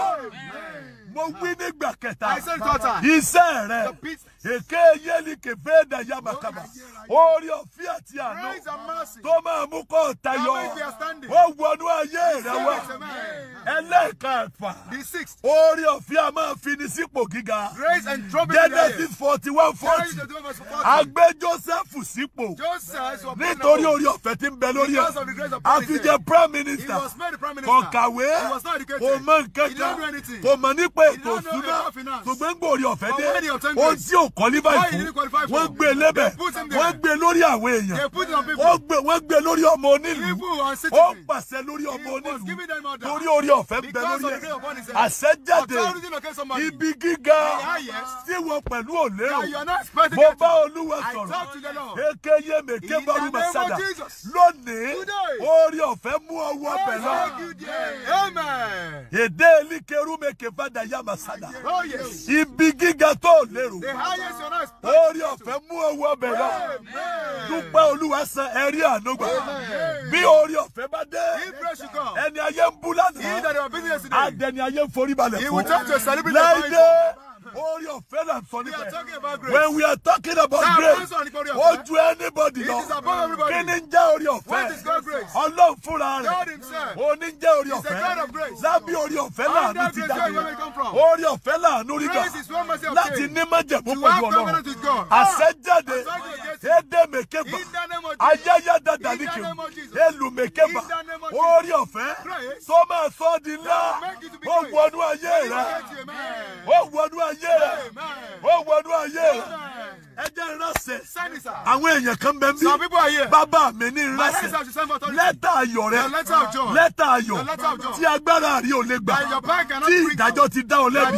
mo wí nígbà kẹta iṣẹ́ rẹ èké yélikè fẹ́ẹ̀dà yamakaba orí ọ̀fẹ́ àti àánú tó máa mú kó tayọ ó wọnú ayé rẹ wá ẹlẹ́ẹ̀kẹfà orí ọ̀fẹ́ a máa fi ní sípò gíga Genesis forty one forty a gbé Jósẹ́fù sípò nítorí orí ọ̀fẹ́ tí ń bẹ lórí ẹ̀ a fi jẹ prime minister kò kàwé kò mọ nǹkan kan kò mọ nípa ètò ìṣúná ṣùgbọ́n gbé orí ọ̀fẹ́ dé ó tí ò kọ́lífà ìfún wọ́n gbé lébẹ̀ wọ́n gbé lórí àwọn èèyàn wọ́n gbé lórí ọmọ onílù ó pàṣẹ lórí ọmọ onílù torí orí ọ̀fẹ́ ń bẹ lórí ẹ̀ àṣẹjáde ibi gíga tí wọ́n pẹ̀lú òlérò mo bá olú olúwa sọ̀rọ̀ ekeye mèké bọ́ọ̀lù masada lónìí orí oh, ọ̀fẹ́ mú ọwọ́ bẹ̀ lọ. èdè elikeru mèké fada ya masada ibi gíga tó lérò orí ọ̀fẹ́ mú ọwọ́ bẹ̀ lọ. dúpẹ́ olúwa san ẹ̀rí ànúgbà bí orí ọ̀fẹ́ bá dé ẹni ayé ń bú lánàá adẹni ayé ń forí balẹ̀ fún láìdé orí ọ̀fẹ́ là ń sọ when we are talking about grace ó do anybody lọ kí ni ń the orí ọ̀fẹ́ ọlọ́run fúnra rẹ̀ ó ní jẹ́ orí ọ̀fẹ́ lábí orí ọ̀fẹ́ láàánú ti jáde orí ọ̀fẹ́ láàánú rí You láti ní májẹ̀mú God. I said that. Ede mekeba. Ayẹyẹ dada ní kí o. Elu mekeba. Orí ọ̀fẹ́. Tó máa sọ di ńlá. Ó wọnú ayé rẹ̀. Ó wọnú ayé rẹ̀. Ó wọnú ayé rẹ̀ ẹ jẹ́ ránṣẹ́ àwọn èèyàn kan bẹ mí bàbá mi ní ránṣẹ́ lẹ́tà ayọ̀ rẹ lẹ́tà ayọ̀ tí agbára rí o lè gbà tí ìdájọ́ ti dá ọ lẹ́bi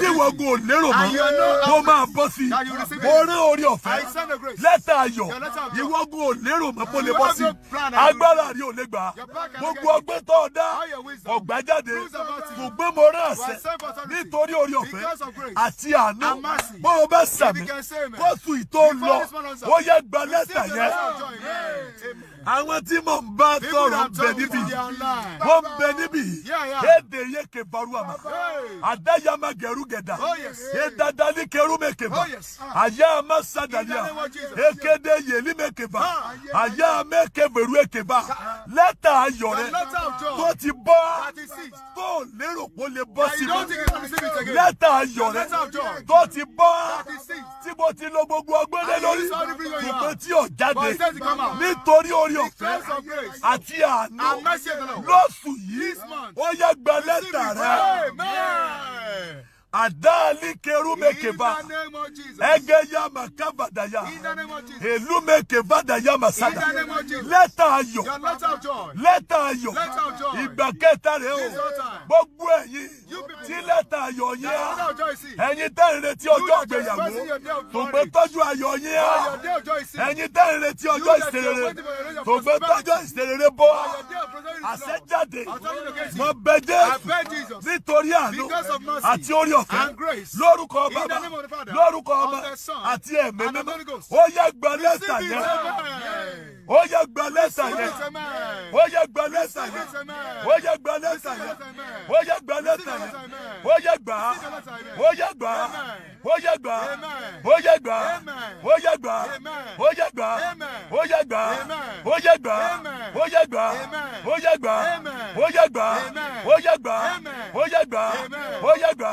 tí ìwọ̀gùn ò lérò mọ́ mo máa bọ́ sí i orí orí ọ̀fẹ́ lẹ́tà ayọ̀ ìwọ̀gùn ò lérò mọ́ mo lè bọ́ sí i agbára rí o lè gbà gbogbo ọgbẹ́ tó o dá ọgbà jáde ṣùgbọ́n mo ránṣẹ́ nítorí orí ọ̀fẹ́ àti àánú bó o sàmì kó oṣù ìtò lọ ó yẹ gbalẹ́sẹ̀ yẹn àwọn tí mò ń bá sọ̀rọ̀ ń bẹ níbí mò ń bẹ níbí èdè yé kẹbàrú àmà àdáyàmà gẹrú gẹdà èdàdàlí kẹrú mẹkẹbà oh, ah. àyà àmà sàdàlíà èkéde yèlí mẹkẹbà ah. àyà àmà kẹbẹrú ẹkẹbà ah. lẹ́tà ayọ̀ rẹ tó ti bọ́ tó lérò kó lè bọ́ sí mi lẹ́tà ayọ̀ rẹ tó ti bọ́ tí mo ti lo gbogbo ọgbẹ́lẹ́ lórí ìgbẹ́ tí ò jáde nítorí orí orí ọ̀fẹ́ àti àánú lóṣù yìí ó yẹ gba lẹ́tà rẹ adali kerumekeba ege ya makabada ya elumekebada ya masada lẹ́tà ayọ̀ lẹ́tà ayọ̀ ìgbà kẹta rẹ o gbogbo ẹ̀yin ní lẹ́tà ayọ̀ yín á ẹ̀yin tẹ́ ń retí ọjọ́ ìgbéyàwó tògbé tọ́jú ayọ̀ yín á ẹ̀yin tẹ́ ń retí ọjọ́ ìṣerere tògbé tọ́jú ìṣerere bọ́ á àṣẹ jáde mo bẹ Jésù nítorí àánú àti orí ọ̀fẹ́ lórúkọ bàbá lórúkọ ọmọ àti ẹ̀mí mímọ́ ó yẹ gbọ́ lẹ́sà yẹn ó yẹ gbọ́ lẹ́sà yẹn ó yẹ gbọ́ lẹ́sà yẹn ó yẹ gbọ́ lẹ́sà yẹn ó yẹ gbọ́ lẹ́sà yẹn ó yẹ gbà á ó yẹ gbà á ó yẹ gbà á ó yẹ gbà á ó yẹ gbà á ó yẹ gbà á ó yẹ gbà á ó yẹ gbà á ó yẹ gbà á ó yẹ gbà á ó yẹ yẹ gbà ó yẹ gbà ó yẹ gbà ó yẹ gbà ó yẹ gbà.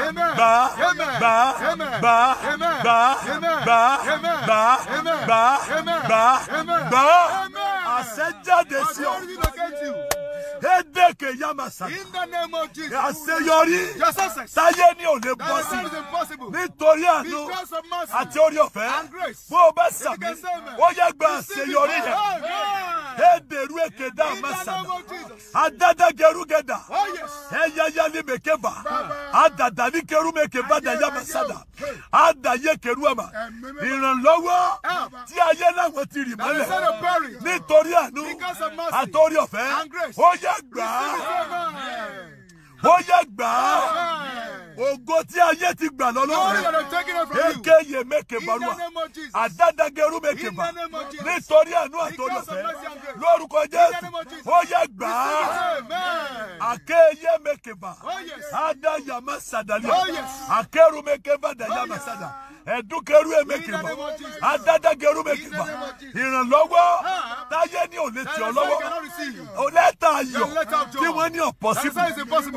bá bá bá bá bá bá bá bá bá àṣẹ jáde sí ọ. Edeke Yamasa. In the name of Jesus. Àṣeyọrí. Your success. Táyé ni ò lè bọ́ sí. That is impossible. Nítorí àánú. Because of mercy. Àti orí ọ̀fẹ́. And grace. Bó o bá sàmì. Ó yẹ gba àṣeyọrí yẹn. Ederu eke da Amasana. Adada geru geda. Ẹyẹyẹ ni mekeba. Adada ni keru mekeba da Yamasana. Adaye keru ama. Ìrànlọ́wọ́ tí ayé láwọn ti rì mọ́lẹ̀. Nítorí àánú. Àtọ́rí ọ̀fẹ́. Ó ó yẹ gbà á ó yẹ gbà ògo tí ayé ti gbà lọ́lọ́run eke yè meke balùwà àdádàgẹrú meke bà nítorí àánú àtòrí ọ̀fẹ́ lórúkọ jésù ó yẹ gbà á akeye meke bà oh, ada yama sadalia akeru oh, meke bà da oh, yama sada ẹdúkẹrú emeke bà àdádàgẹrú meke bà ìrànlọ́wọ́ ah. táyé ní òlé tí ọ lọ́wọ́ òlẹ́ta ayọ̀ tí wọ́n ní ọ̀pọ̀ síbi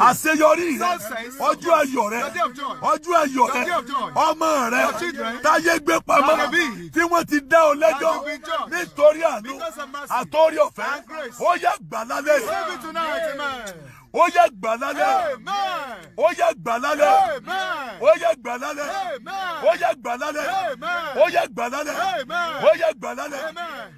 àṣeyọrí rẹ ọjọ́ ayọ̀ ayọ̀ rẹ ọjọ́ ayọ̀ rẹ ọmọ rẹ táyé gbé pamọ́ tí wọ́n ti dá ọ lẹ́jọ́ nítorí àánú àtọ́rí ọ̀fẹ́ ó yá gbà lálẹ́ ó yẹ gbà lálẹ́ ó yẹ gbà lálẹ́ ó yẹ gbà lálẹ́ ó yẹ gbà lálẹ́ ó yẹ gbà lálẹ́ ó yẹ gbà lálẹ́.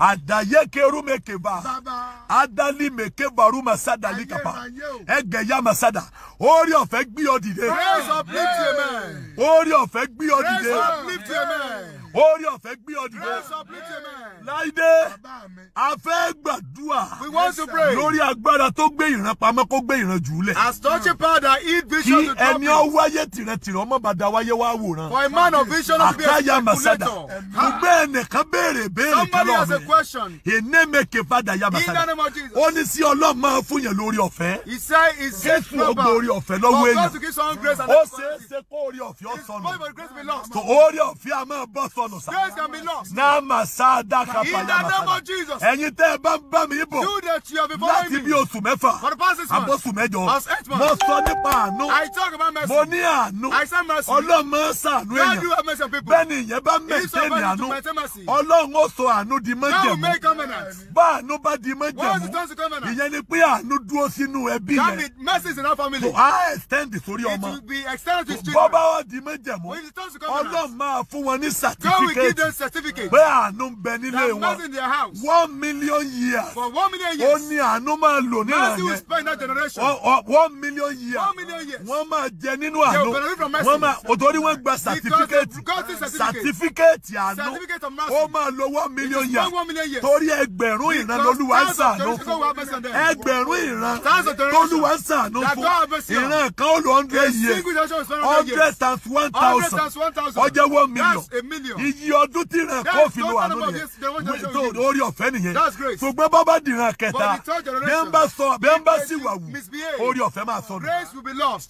adayekeru mekeba adali mekeba ru masada likapa ẹgẹya masada orí ọ̀fẹ́ gbé ọ dìde orí ọ̀fẹ́ gbé ọ dìde orí ọ̀fẹ́ gbé a fẹ́ gbàdúrà lórí agbára tó gbé ìran pamọ́ kó gbé ìran jù as touching powder eat this kí ẹni ọwọ́ ayé tìrẹtìrẹ ọmọ bàdá wáyé wá wòran. for a man of vision to be a speculator. gbogbo ẹnìkan béèrè béèrè kálọ̀ mi. ìnémeke fada ya masada. ó ní sí ọlọ́run máa fún yẹn lórí ọ̀fẹ́. jésù ọgbọ orí ọ̀fẹ́ lọ́wọ́ èèyàn. ó ṣeé ṣe kó orí ọ̀fẹ́ ó sọnù. tó orí ọ̀fẹ́ a máa bọ́ sọnù sá. náà masada kápá ya masada. ẹ̀yin tẹ́ ẹ bá ń bá mi bọ̀ láti bí oṣù mẹ́fà àbọ̀sù mẹ́jọ. mo sọ nípa àánú. I talk about mercy. Mo ní àánú. I say mercy. Ọlọ́run máa ń ṣàánú èèyàn. God do have mercy on people. Bẹ́ẹ̀ni ìyẹn bá mẹ̀jẹ̀ ní àánú. Ọlọ́run ó sọ àánú di mẹ́jẹ̀mú. God make covenant. Bá àánú bá di mẹ́jẹ̀mú. What is the terms of covenant? Ìyẹn ni pé àánú dúró sínú ẹbí rẹ̀. That means mercy is in our family. So I extend sórí ọmọ. It will be extended to his children. Bọ́ bá wá di mẹ́jẹ̀mú. When the terms of covenant. Ọlọ́run máa fún wọn ní certificate. God will give them certificate. Pé àánú ń bẹ nílé wọn. mercy in their house. One million years. For one million years. Ó ní àánú máa lò nílànà. will spend that generation. One million years. One million years wọ́n máa jẹ nínú àánú wọ́n máa òtórí wọ́n gba Certificate sàtífíkẹ́ẹ̀tì àánú ó máa lo one million yà torí ẹgbẹ̀rún ìran lolúwa ń ṣàánú fún ẹgbẹ̀rún ìran lolúwa ń ṣàánú fún ìran kan ó lọ hundred yẹ hundred times one thousand ọjọ́ one million iyì ọdún tí ìran kó fi lo àánú nìyẹn orí ọ̀fẹ́ nìyẹn ṣùgbọ́n bábá dìran kẹta bẹ́ẹ̀ ń bá sí wàwù orí ọ̀fẹ́ máa lost.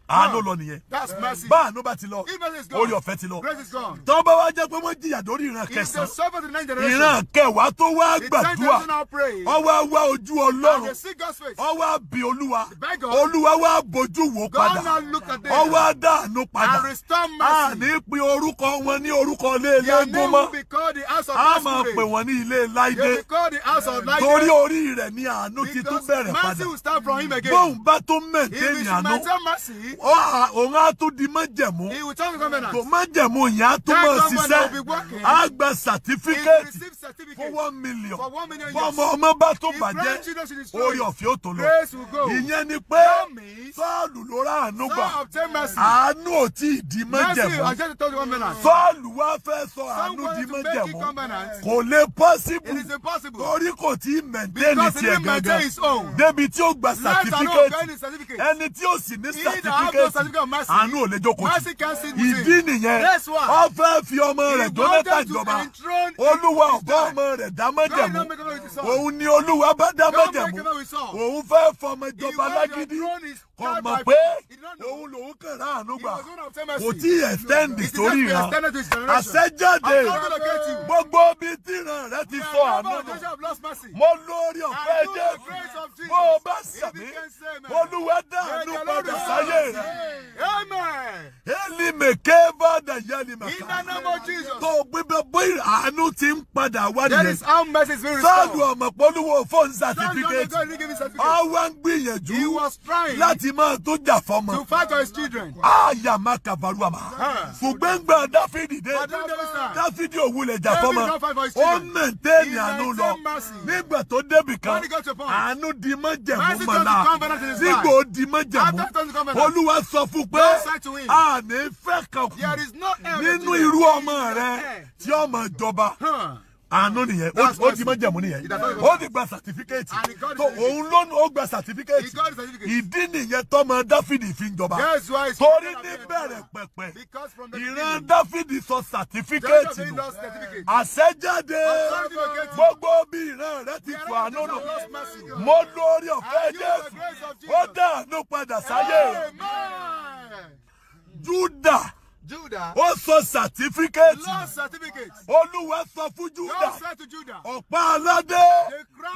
àánú ah, lọ nìyẹn bá àánú bá ti lọ orí ọ̀fẹ́ ti lọ tó bá wá jẹ́ pé wọ́n jìyà lórí ìran kẹsàn-án ìran kẹwàá tó wá gbàdúrà ọwọ́ wá ojú ọlọ́run ọwọ́ bí olúwa olúwa wá bójú wò padà ọwọ́ dáànú padà àní pé orúkọ wọn ní orúkọ ilé léegun mọ́ a máa pè wọ́n ní ilé láìdé torí orí rẹ̀ ni àánú ti tún bẹ̀rẹ̀ padà bóun bá tún mẹ̀ntẹ́ẹ̀nì àánú òun á tún di májẹ̀mú tó májẹ̀mú yẹn á tún máa ṣiṣẹ́ á gba sàtífíkẹ́ẹ̀tì fún one million fọmọ ọmọ bá tún bàjẹ́ orí ọ̀fẹ́ ò tó lọ ìyẹn ni pé sọ́ọ̀lù ló rà àánú gbà àánú ò tí ì di májẹ̀mú sọ́ọ̀lù wá fẹ́ sọ àánú di májẹ̀mú kò lè pọ́síbù torí kò tí ì mẹ̀ntẹ́ẹ̀nì tiẹ̀ gangan débi tí ó gba sàtífíkẹ́ẹ̀tì ẹni tí ó sì ní sàtífíkẹ́ẹ̀tì sàtífíkẹ́tì àánú ò lè jókòó tì ìdí nìyẹn ó fẹ́ fi ọmọ rẹ̀ Jonathan jọba olúwa ọ̀bá ọmọ rẹ̀ dámẹ́jẹ̀mú òun ni olúwa bá dámẹ́jẹ̀mú òun fẹ́ fọmọ ìjọba lágídí kò mọ̀ pé òun lòun kàn ráàánú gbà kò tí ì ẹ̀stẹ́ndì sórí ìran àṣẹjáde gbogbo bí tíran rẹ ti sọ àánú nù mo lórí ọ̀fẹ́ jẹ́ bó o bá sàmí olúwa dáàánú padà sáyé rẹ. Amen. Eli da yali maka. In the name of Jesus. Tó gbígbé bóyá àánú ti ń padà wá nìyẹn. That is how mercy is being restored. Sáàlù ọmọ polówó fóònù certificate. Ọwọ́ ń gbìyànjú. He was trying. Láti máa tó jà fọmọ. To fight for his children. Àyà máa kàbàrú àmà. Fùgbẹ́ngbà Dáfídì dé. Dáfídì òwúlẹ̀ jà fọmọ. Ó mẹ̀ntẹ́ẹ̀nì àánú lọ. Nígbà tó débì kan, àánú di mọ́jẹ̀mú mọ́lá. Nígbà ó di mọ́jẹ̀mú. Olú olúwa sọ fún pé àmì fẹ́ kankan nínú irú ọmọ rẹ tí ọmọ jọba àánú nìyẹn ó ti mọ jẹ̀mú nìyẹn ó ti gba sàtífíkẹ́ẹ̀tì tó òun ló ó gba sàtífíkẹ́ẹ̀tì ìdí nìyẹn tọmọ dáfídì fi ń jọba torí ní bẹ̀rẹ̀ pẹ̀pẹ̀ ìran dáfídì sọ sàtífíkẹ́ẹ̀tì nù àṣẹjáde gbogbo bí ìran rẹ ti fò àánú nù mo lórí ọ̀fẹ́ Jésù ó dàánú padà sáyé Júdà. Judah. Ó sọ sàtífíkẹ́tì. Lord certificate. Olúwa sọ fún Judah. Lord said to Judah. Ọ̀pá aládé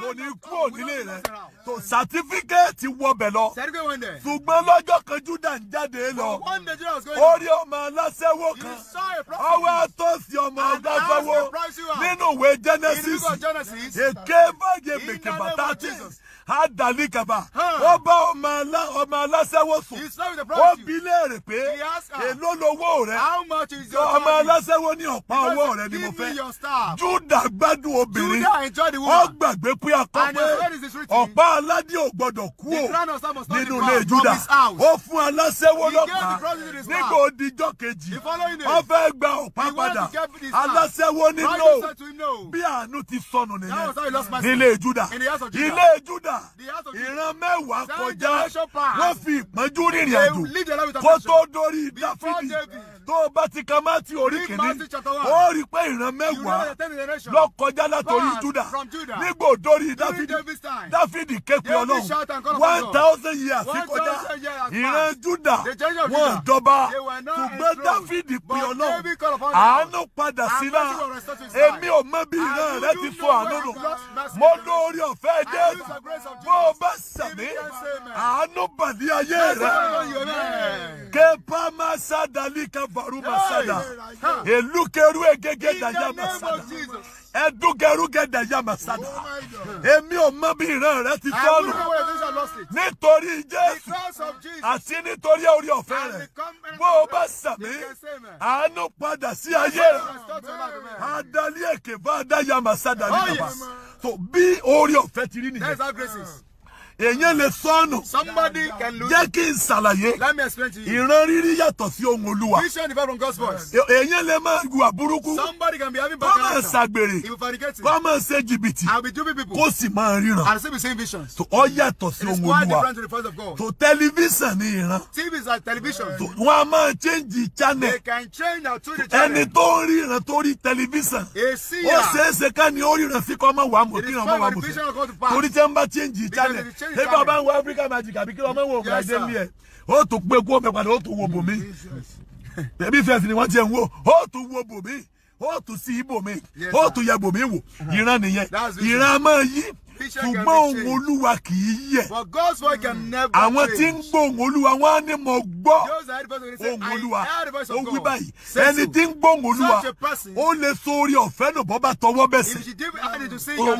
kò ní kú ònílé rẹ̀. Tó sàtífíkẹ́tì wọbẹ̀ lọ. Certificate went there. Ṣùgbọ́n lọ́jọ́ kan Judah ń jáde lọ. One day Judah was going. Ó rí ọmọ aláṣẹ́wó kan. You saw a prophet. Ọwọ́ àtọ́sí ọmọ ọgá And asked the price you are. Nínú ìwé Genesis. In the book of Genesis. Èké bàjẹ́ mèkè bàtà Jesus adali kaba ó bá ọmọ aláṣẹ́wó sùn ó bi léèrè pé èló lowó rẹ ọmọ aláṣẹ́wó ní ọ̀pá owó rẹ ni mo fẹ́ Júdà gbádùn obìnrin ó gbàgbé pé akọ pé ọ̀pá aládé ò gbọdọ̀ kú o nínú ilé Júdà ó fún aláṣẹ́wó lọ́pàá nígbà òdìjọ́ kejì ó fẹ́ gba ọ̀pá padà aláṣẹ́wó nínú bí àánú ti sọnù nìyẹn nílé Júdà ilé Júdà ìran mẹ́wàá kọjá wọ́n fi ìpọ́njú rìnrìn àjò kó tó dórí Dáfídì tó o bá ti ka Matthew orí kìíní ó rí pé ìran mẹ́wàá lọ kọjá látòrí Júdà nígbà òdórí Dáfídì Dáfídì képe Ọlọ́run one thousand years sí kọjá ìran Júdà wọn dọba ṣùgbọ́n Dáfídì pe Ọlọ́run àánú padà sí náà èmi ò mọ bí ìran rẹ ti fọ àánú nù mo lórí ọ̀fẹ́ Jésù bó o bá sàmì àánú bàlí ayé rẹ képa máa sádàlí kan baruma sada elukeru egege daya masada ẹdúgẹrúgẹ daya oh masada èmi ò mọ bí ìran rẹ ti tọ́nu nítorí jésù àti nítorí orí ọ̀fẹ́ rẹ bó o bá sàmì àánú padà sí ayé rẹ adalí èké bá daya masada oh, ní kaba so bí orí ọ̀fẹ́ ti rí nìyẹn èyàn lè sọnù. somebody can lose. jẹ́ kí n ṣàlàyé. let me explain to you. ìran rírí yàtọ̀ sí ohun olúwa. vision different from God's voice. E-, èyàn lè máa hùwà burúkú. somebody can be having bad character. kó máa ṣàgbèrè. he will fabricate. kó máa ṣe jìbìtì. be duping people. kó sì máa ríran. and still be seeing visions. so ọ yàtọ̀ sí ohun olúwa. it is quite different to the voice of God. so television ni ìran. TV television. so wọ́n a máa change channel. they can change na to the channel. ẹni tó ń ríran tó rí television. èsì yà. ó ṣeé ṣe ká ni ó ríran sí kọ́ ọmọ wàá mọ̀ kí ni ọmọ wàá mọ̀ sí. torí tẹ́ ń bá change channel ṣé bá bá ń wo Africa Magic àbí kí ló máa ń wo ọkùnrin ajé nílé ẹ ó tún pé kó mẹ padà ó wo bòmí bẹẹbí fẹsẹ ni wọn ti ń wo ó tún wo bòmí ó tún sí ibòmí ó tún yẹ bòmí wò uh-huh. ìran nìyẹn ìran máa yí ṣùgbọ́n ohùn olúwa kì í yẹ̀. Hmm. àwọn tí ń gbóhùn olúwa wọn á ní mo gbọ́ ohùn olúwa ó wí báyìí ẹni tí ń gbóhùn olúwa ó lè so orí ọ̀fẹ́ nù bọ́ bá tọwọ́ bẹ̀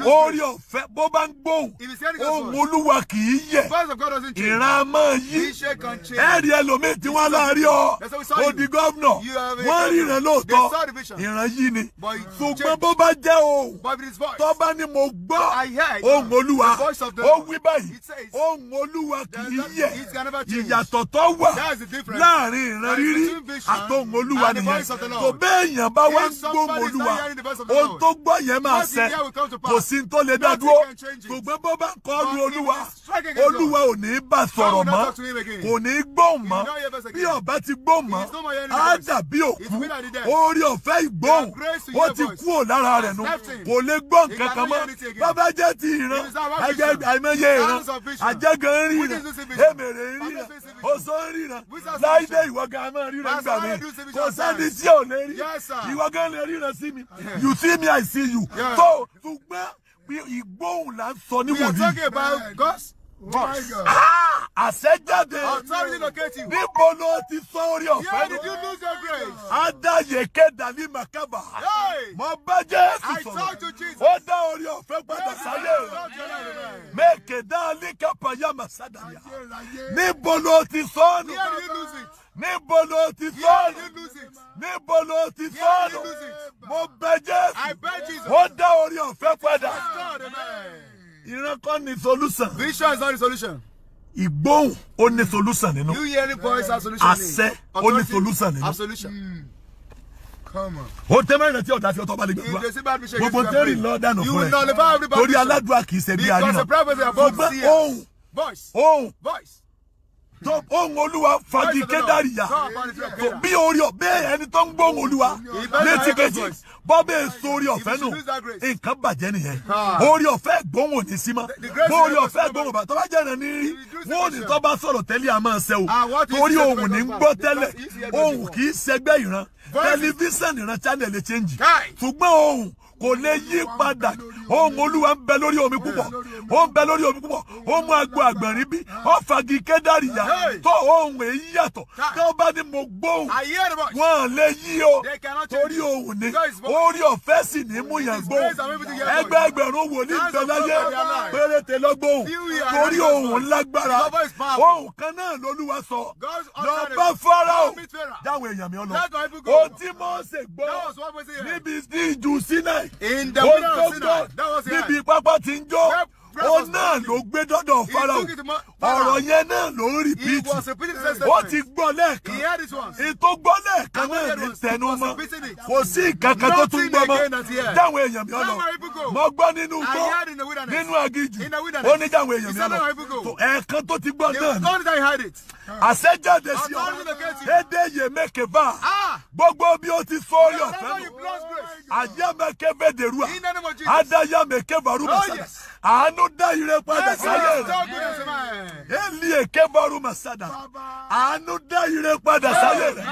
orí ọ̀fẹ́ bó bá ń gbóhùn ohùn olúwa kì í yẹ̀ ìran a máa yí ẹ̀rí ẹlòmíì tí wọ́n láàárín ọ odi gọ́vnọ̀ wọ́n ríran lóòótọ́ ìran yí ni ṣùgbọ́n bó bá jẹ́ ohùn tó bá ní mo gbọ́ ohùn olúwa ó wí báyìí ohùn olúwa kì í yẹ ìyàtọ̀ tó wà láàrin ìran rírí àtohùn olúwa nìyẹn kò béèyàn bá wá ń gbóhùn olúwa ohun tó gbọ́ yẹn máa ṣẹ kò sí tó lè dá dúró ṣùgbọ́n bó bá ń kọ́ ọ́rù olúwa olúwa ò ní bá sọ̀rọ̀ mọ́ kò ní gbóhùn mọ́ bí ọ̀bá ti gbóhùn mọ́ á dàbí òkú orí ọ̀fẹ́ ìgbóhùn ó ti kú lára rẹ̀ nu kò lè gbọ́ nǹkan kan mọ́ bàbá jẹ́ ti ríran àìmọye ìran àjẹgàn ń ríran èmèrè ń ríran oṣó ń ríran láìdé ìwọ́gà máa ríran gbà mí kò sẹ́ni tí ò lè rí ìwọ́gà lè ríran sí mi you see me I see you tó ṣùgbọ́n ìgbóhùn là ń sọ ní wòlíì. Must. Ah! Àṣẹjáde. Níbo ló ti sọ orí ọ̀fẹ́ nù? Adáyé Kẹ́dàlí Màkàbà. Mo bá Jésù sọ̀rọ̀. Ó dá orí ọ̀fẹ́ padà sáyé rẹ̀. Mẹ́kẹ̀dálí Kápáyà Màsádàyà. Níbo ló ti sọ nù? Níbo ló ti sọ nù? Níbo ló ti sọ nù? Mo bẹ Jésù. Ó dá orí ọ̀fẹ́ padà. Ìran ni solution. Vision is not the solution. Ìgbóhùn ó ní solution nínú. You hearing voice has solution. Àṣẹ ó ní solution nínú. Absolution. Mm o tẹ mẹ́rin tí ọ̀dà tí ọ̀tọ̀ bá lè gbàgbà gbogbo tẹ́rì lọ dànù fún ẹ torí aládùá kì í ṣe bí àníyàn gbogbo ohun ohun tó ohùn olúwa fagi kédàríyà tó bí orí ọ̀bẹ ẹni tó ń gbóhùn olúwa létíketì bọ́ bẹ́ẹ̀ so orí ọ̀fẹ́ nù nǹkan bàjẹ́ nìyẹn orí ọ̀fẹ́ gbóhùn òní sí mọ́ bó orí ọ̀fẹ́ gbóhùn bá tó bá jẹ́ ìrìn nírí wọn ò ní tó bá sọ̀rọ̀ tẹ́lẹ̀ àmọ́ ṣe o torí ohùn ní ń gbọ́ tẹ́lẹ̀ ohùn kì í ṣẹgbẹ́ ìran tẹlifíṣàn ìran channel change ṣùgbọ́n ohùn kò lè yí padà ohun olúwa ń bẹ lórí omi púpọ̀ ó ń bẹ lórí omi púpọ̀ ó mú agbo àgbọ̀nrín bí ó fagi kédàrí yá tó ohun èyí yàtọ̀ tó bá ní mo gbóhùn wọn lè yí o torí ohun ni orí ọ̀fẹ́ sì ní mú yẹn gbóhùn ẹgbẹ́ ẹgbẹ̀rún wò ní ìtọ́láyé péréte lọ́gbóhùn torí ohun lágbára ohun kan náà lolúwa sọ lọ bá Fáráò jáwé èèyàn mi ọ ohun tí Mósè gbọ́ níbi ìjù Sínà In the ó tó gbọ́ níbi pápá tí ń jó ó náà ló gbé dọ́dọ̀ farao ọ̀rọ̀ yẹn náà ló ń rìpíìtì ó ti gbọ́ lẹ́ẹ̀kan ètò gbọ́ lẹ́ẹ̀kan náà ní tẹnu mọ́ kò sí ìkankan tó tún gbọ́ mọ́ dáwọn èèyàn mi ọ̀nà mo gbọ́ nínú gbọ́ nínú agíjì ó ní dáwọn èèyàn mi ọ̀nà ẹ̀ẹ̀kan tó ti gbọ́ náà àṣẹjáde sí ọ édè yèmékèvà gbogbo bí o ti sọ orí ọ̀fẹ́ nù àyàmẹkẹfẹ dèrúà àdáyàmẹkẹfàrúmọsádà àánú dá ire padà sáyé rẹ èlì èkẹfàrúmọsádà àánú dá ire padà sáyé rẹ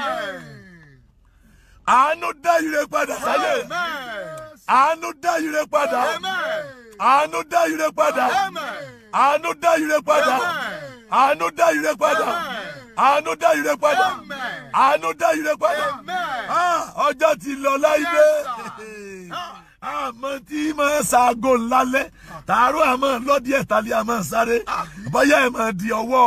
àánú dá ire padà sáyé rẹ àánú dá ire padà àánú dá ire padà àánú dá ire padà àánú dá ire padà àánú dá ire padà àánú dá ire padà ọjọ́ ti lọ láìdé àmọ́ tí máa ṣaago lálẹ́ tààrọ̀ àmọ́ lọ́dí ẹ̀tàlẹ́ àmọ́ sáré bóyá ẹ̀ máa di ọwọ́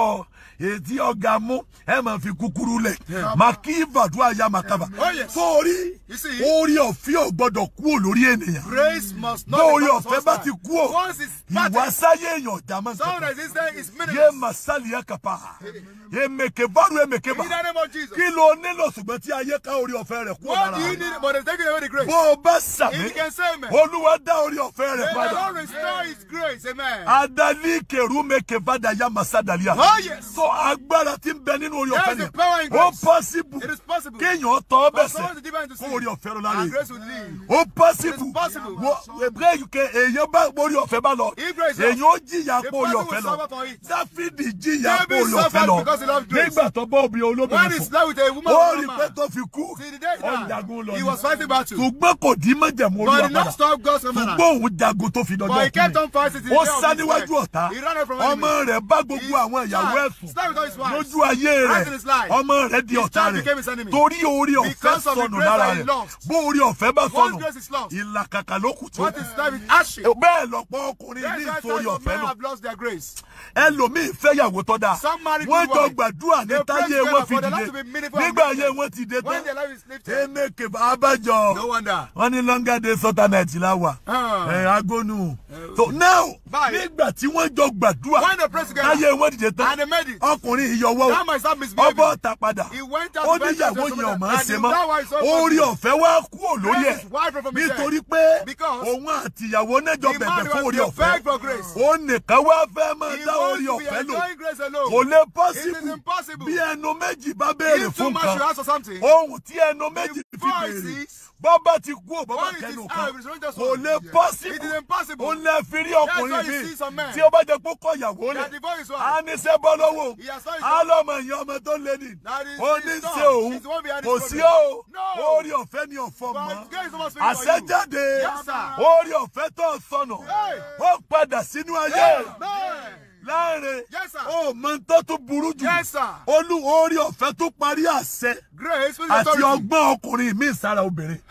ètí ọ̀gá mú ẹ máa fi kúkúrú lẹ̀ màkì ìbàdúrà ya màkàbà oh, sórí orí ọ̀fẹ́ ò gbọ́dọ̀ kú lórí ènìyàn bó orí ọ̀fẹ́ bá ti kú ò ìwásáyé èèyàn ọ̀dà máa ń kẹfà yé màsálìyà kàpà èmèké bárò èmèké bà kí ló nílò ṣùgbọ́n tí ayé ká orí ọ̀fẹ́ rẹ̀ kú ọ̀lára bó o bá sàmì olúwa dá orí ọ̀fẹ́ rẹ̀ padà adalí kèrú mèké bàdà ya màsádàlíà oh, so agbára ti bẹ nínú orí ọ̀fẹ́ nìyẹn ó pọ́sibù kéèyàn tọ́ bẹ̀sẹ̀ fún orí ọ̀fẹ́ lọ lára yìí ó pọ́sibù èbúrẹ́ yìí èèyàn bá orí ọ̀fẹ́ bá lọ èèyàn ó jìyà pé orí ọ̀fẹ́ lọ dáfídì jìyà pé orí ọ̀fẹ́ lọ nígbà tó bọ́ obìnrin olóbìnrin fún ó rí pé tó fi kú ọ̀njagun lọ ṣùgbọ́n kò dín mọ́jẹ̀mú orí ọ̀padà ṣùgbọ́n òun jagun tó fi dọjọ́ kúrò ó sá níwájú ọ̀tá ọmọ rẹ̀ bá gbogbo àwọn ìyàwó ẹ̀sùn lójú ayé rẹ̀ rẹ̀ ọmọ rẹ̀ di ọ̀tá rẹ̀ torí orí ọ̀fẹ́ sọnù lára rẹ̀ bó orí ọ̀fẹ́ bá sọnù ìlàkàkà ló kù tí ó kù bẹ́ẹ̀ lọ́pọ̀ ọkùnrin ní ìtorí ọ̀fẹ́ nù ẹlòmíín fẹ́yàwó tó dáa wọ́n jọ gbàdúrà ní táyé wọn fi dìde nígbà ayé wọn ti dé tán emeke abájọ wọ́n ní longer day sọ́tà nàìjíríà wà agonu eh, so now nígbà tí wọ́n jọ gbàdúrà láyé wọ́n dìde tán ọkùnrin ìyọwọ́ ọbọ̀ ta padà ó níyàwó yẹn ò máa ṣe mọ́ orí ọ̀fẹ́ wá kú olórí ẹ̀ nítorí pé òun àtìyàwó nẹ́jọ bẹ̀bẹ̀ fún orí ọ̀fẹ́ ó nìkan wá fẹ́ máa dá orí ọ̀fẹ́ lò kò lè pọ́sibú bí ẹnu méjì bá béèrè fún kan ohun tí ẹnu méjì fi béèrè bàbá ti kú ò bàbá kẹnu kan kò lè pọ́sibú ó lè fi rí ọkùnrin mi tí ó bá jẹ pé kọ ìyàwó rẹ̀ á ní sẹ́ bọ́ lọ́wọ́ á lọ́mọ ìyá ọmọ tó lé ní ó ní ṣe òun kò sí o orí ọ̀fẹ́ ni ọ̀fọ́ mọ́ àṣẹjáde orí ọ̀fẹ́ tó sọnù ó padà sínú ayé láàrin ó mọ tó tún burú jù olúwo orí ọ̀fẹ́ tó parí àṣẹ àti ọgbọ́n ọkùnrin mi sára obìnrin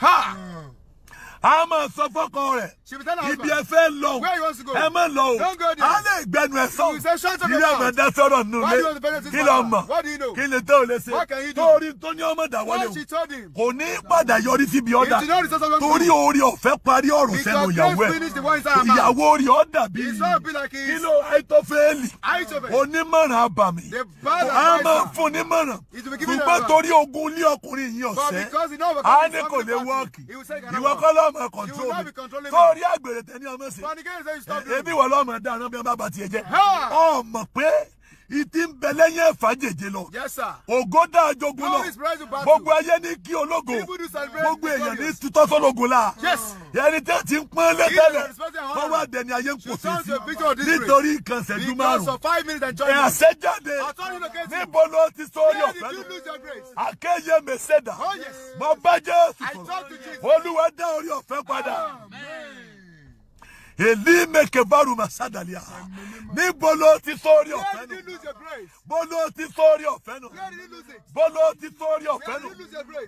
a máa sọ fọ́kọ rẹ̀ ibi ẹ fẹ́ lọ o ẹ má lọ o a lè gbẹnu ẹ sọ ìrẹ ọmọ ẹdá sọ̀rọ̀ nù lé kí lọ mọ̀ kí lè tó lè ṣe torí tó ní ọmọ dà wọlé o kò ní padà yọrí síbi ọ̀dà torí orí ọ̀fẹ́ parí ọ̀rùn sẹ́nu ìyàwó ẹ̀ ìyàwó rí ọ̀dà bí kí ló àìtọ́fẹ́ẹ̀lì onímọ̀ràn abàmì a máa fún onímọ̀ràn ṣùgbọ́n torí ogun ilé ọkùnrin yìí ọ̀sẹ́ a ní kò lè wọ́ọ̀kì ìwọ́kọ́ lọ́mọ kọ̀ntró mi torí àgbèrè tẹ ní ọmọ sí. ebi wọ lọ́mọ dáná bí wọ́n bá tiẹ̀ jẹ́. ọmọ pé ìtì ń bẹ lẹ́yìn ẹ̀fà jèjì lọ. ògo dá ajogun lọ. gbogbo ayé ní kí ológo. gbogbo èèyàn ní tutọ́ sọ́lọ́go la. ẹni tẹ́ ti ń pọ́n lẹ́tẹ̀lẹ̀. wọ́n wá dẹni ayé ń pòsè sí. nítorí ìkànsẹ̀jú márùn-ún. ẹ̀ àṣẹjáde níbo ló ti sórí ọ̀fẹ́ lọ. àkẹ́yẹ mẹ́sẹ̀dá. Oh, mo bá Jésù sọ̀rọ̀. olúwa dá orí ọ̀fẹ́ padà. Amen èlí mẹkẹbárù masadalia níbo ló ti sórí ọ̀fẹ́ nù bó ló ti sórí ọ̀fẹ́ nù bó ló ti sórí ọ̀fẹ́ nù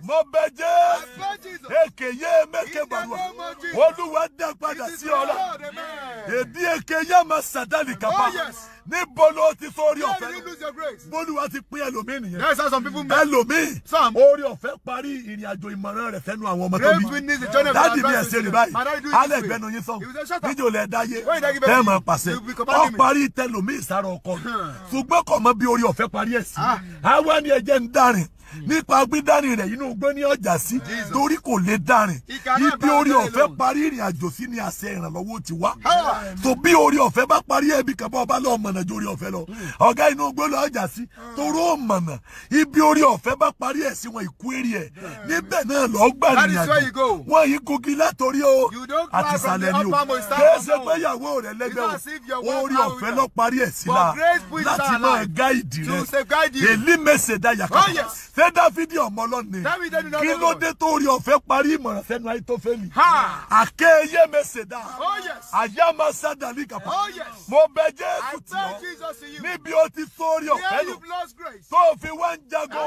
mo bẹ jẹ́ èkéyé mẹkẹbárù olúwa dá padà sí ọ la èdí èkéyé masadali kaba níbo ló ti sórí ọ̀fẹ́ bólúwa ti pín ẹlòmíì nìyẹn ẹlòmíì orí ọ̀fẹ́ parí ìrìn àjò ìmọ̀ràn rẹ̀ fẹ́nu àwọn ọmọ tó bí dáàdì mi ẹ̀sìn rẹ̀ báyìí alẹ́ ìgbẹ́nu yín sọ níjò lẹ́ dáyé bẹ́ẹ̀ máa pàṣẹ ọ parí tẹlòmíì sára ọkọ ṣùgbọ́n kọ̀ mọ́ bí orí ọ̀fẹ́ parí ẹ̀ sí ah. àwa ni ẹ jẹ́ ń dárin Mm. nípa gbídárìn rẹ̀ inú gbé ní ọjà sí torí kò lè dárìn ibi orí ọ̀fẹ́ parí ìrìn àjò sí ni àṣẹ ìrànlọ́wọ́ ti wá tó bí orí ọ̀fẹ́ bá parí ẹbí kan bá ọba lọ mọ̀nà ju orí ọ̀fẹ́ lọ mm. ọ̀gá inú gbé lọ ọjà sí ah. toró mọ̀nà ibi orí ọ̀fẹ́ bá parí ẹ̀ sí wọn ìkú èrè ẹ̀ níbẹ̀ náà lọ́ọ́ gbà nìyàjò wọ́n yìí kugi látòrí o àti sàlẹ̀ ni o kéèsè ṣé dávidi ọmọ ọlọ́ni kí ló dé tó rí ọ̀fẹ́ parí ìmọ̀ràn sẹ́nu àìtófẹ́lì àkẹ́yẹ mẹ́sẹ̀dá oh, àyà máa sádàlì kàpá oh, mo bẹ jésù tì ọ́ níbi ó ti sórí ọ̀fẹ́ lò tó fi wá ń jago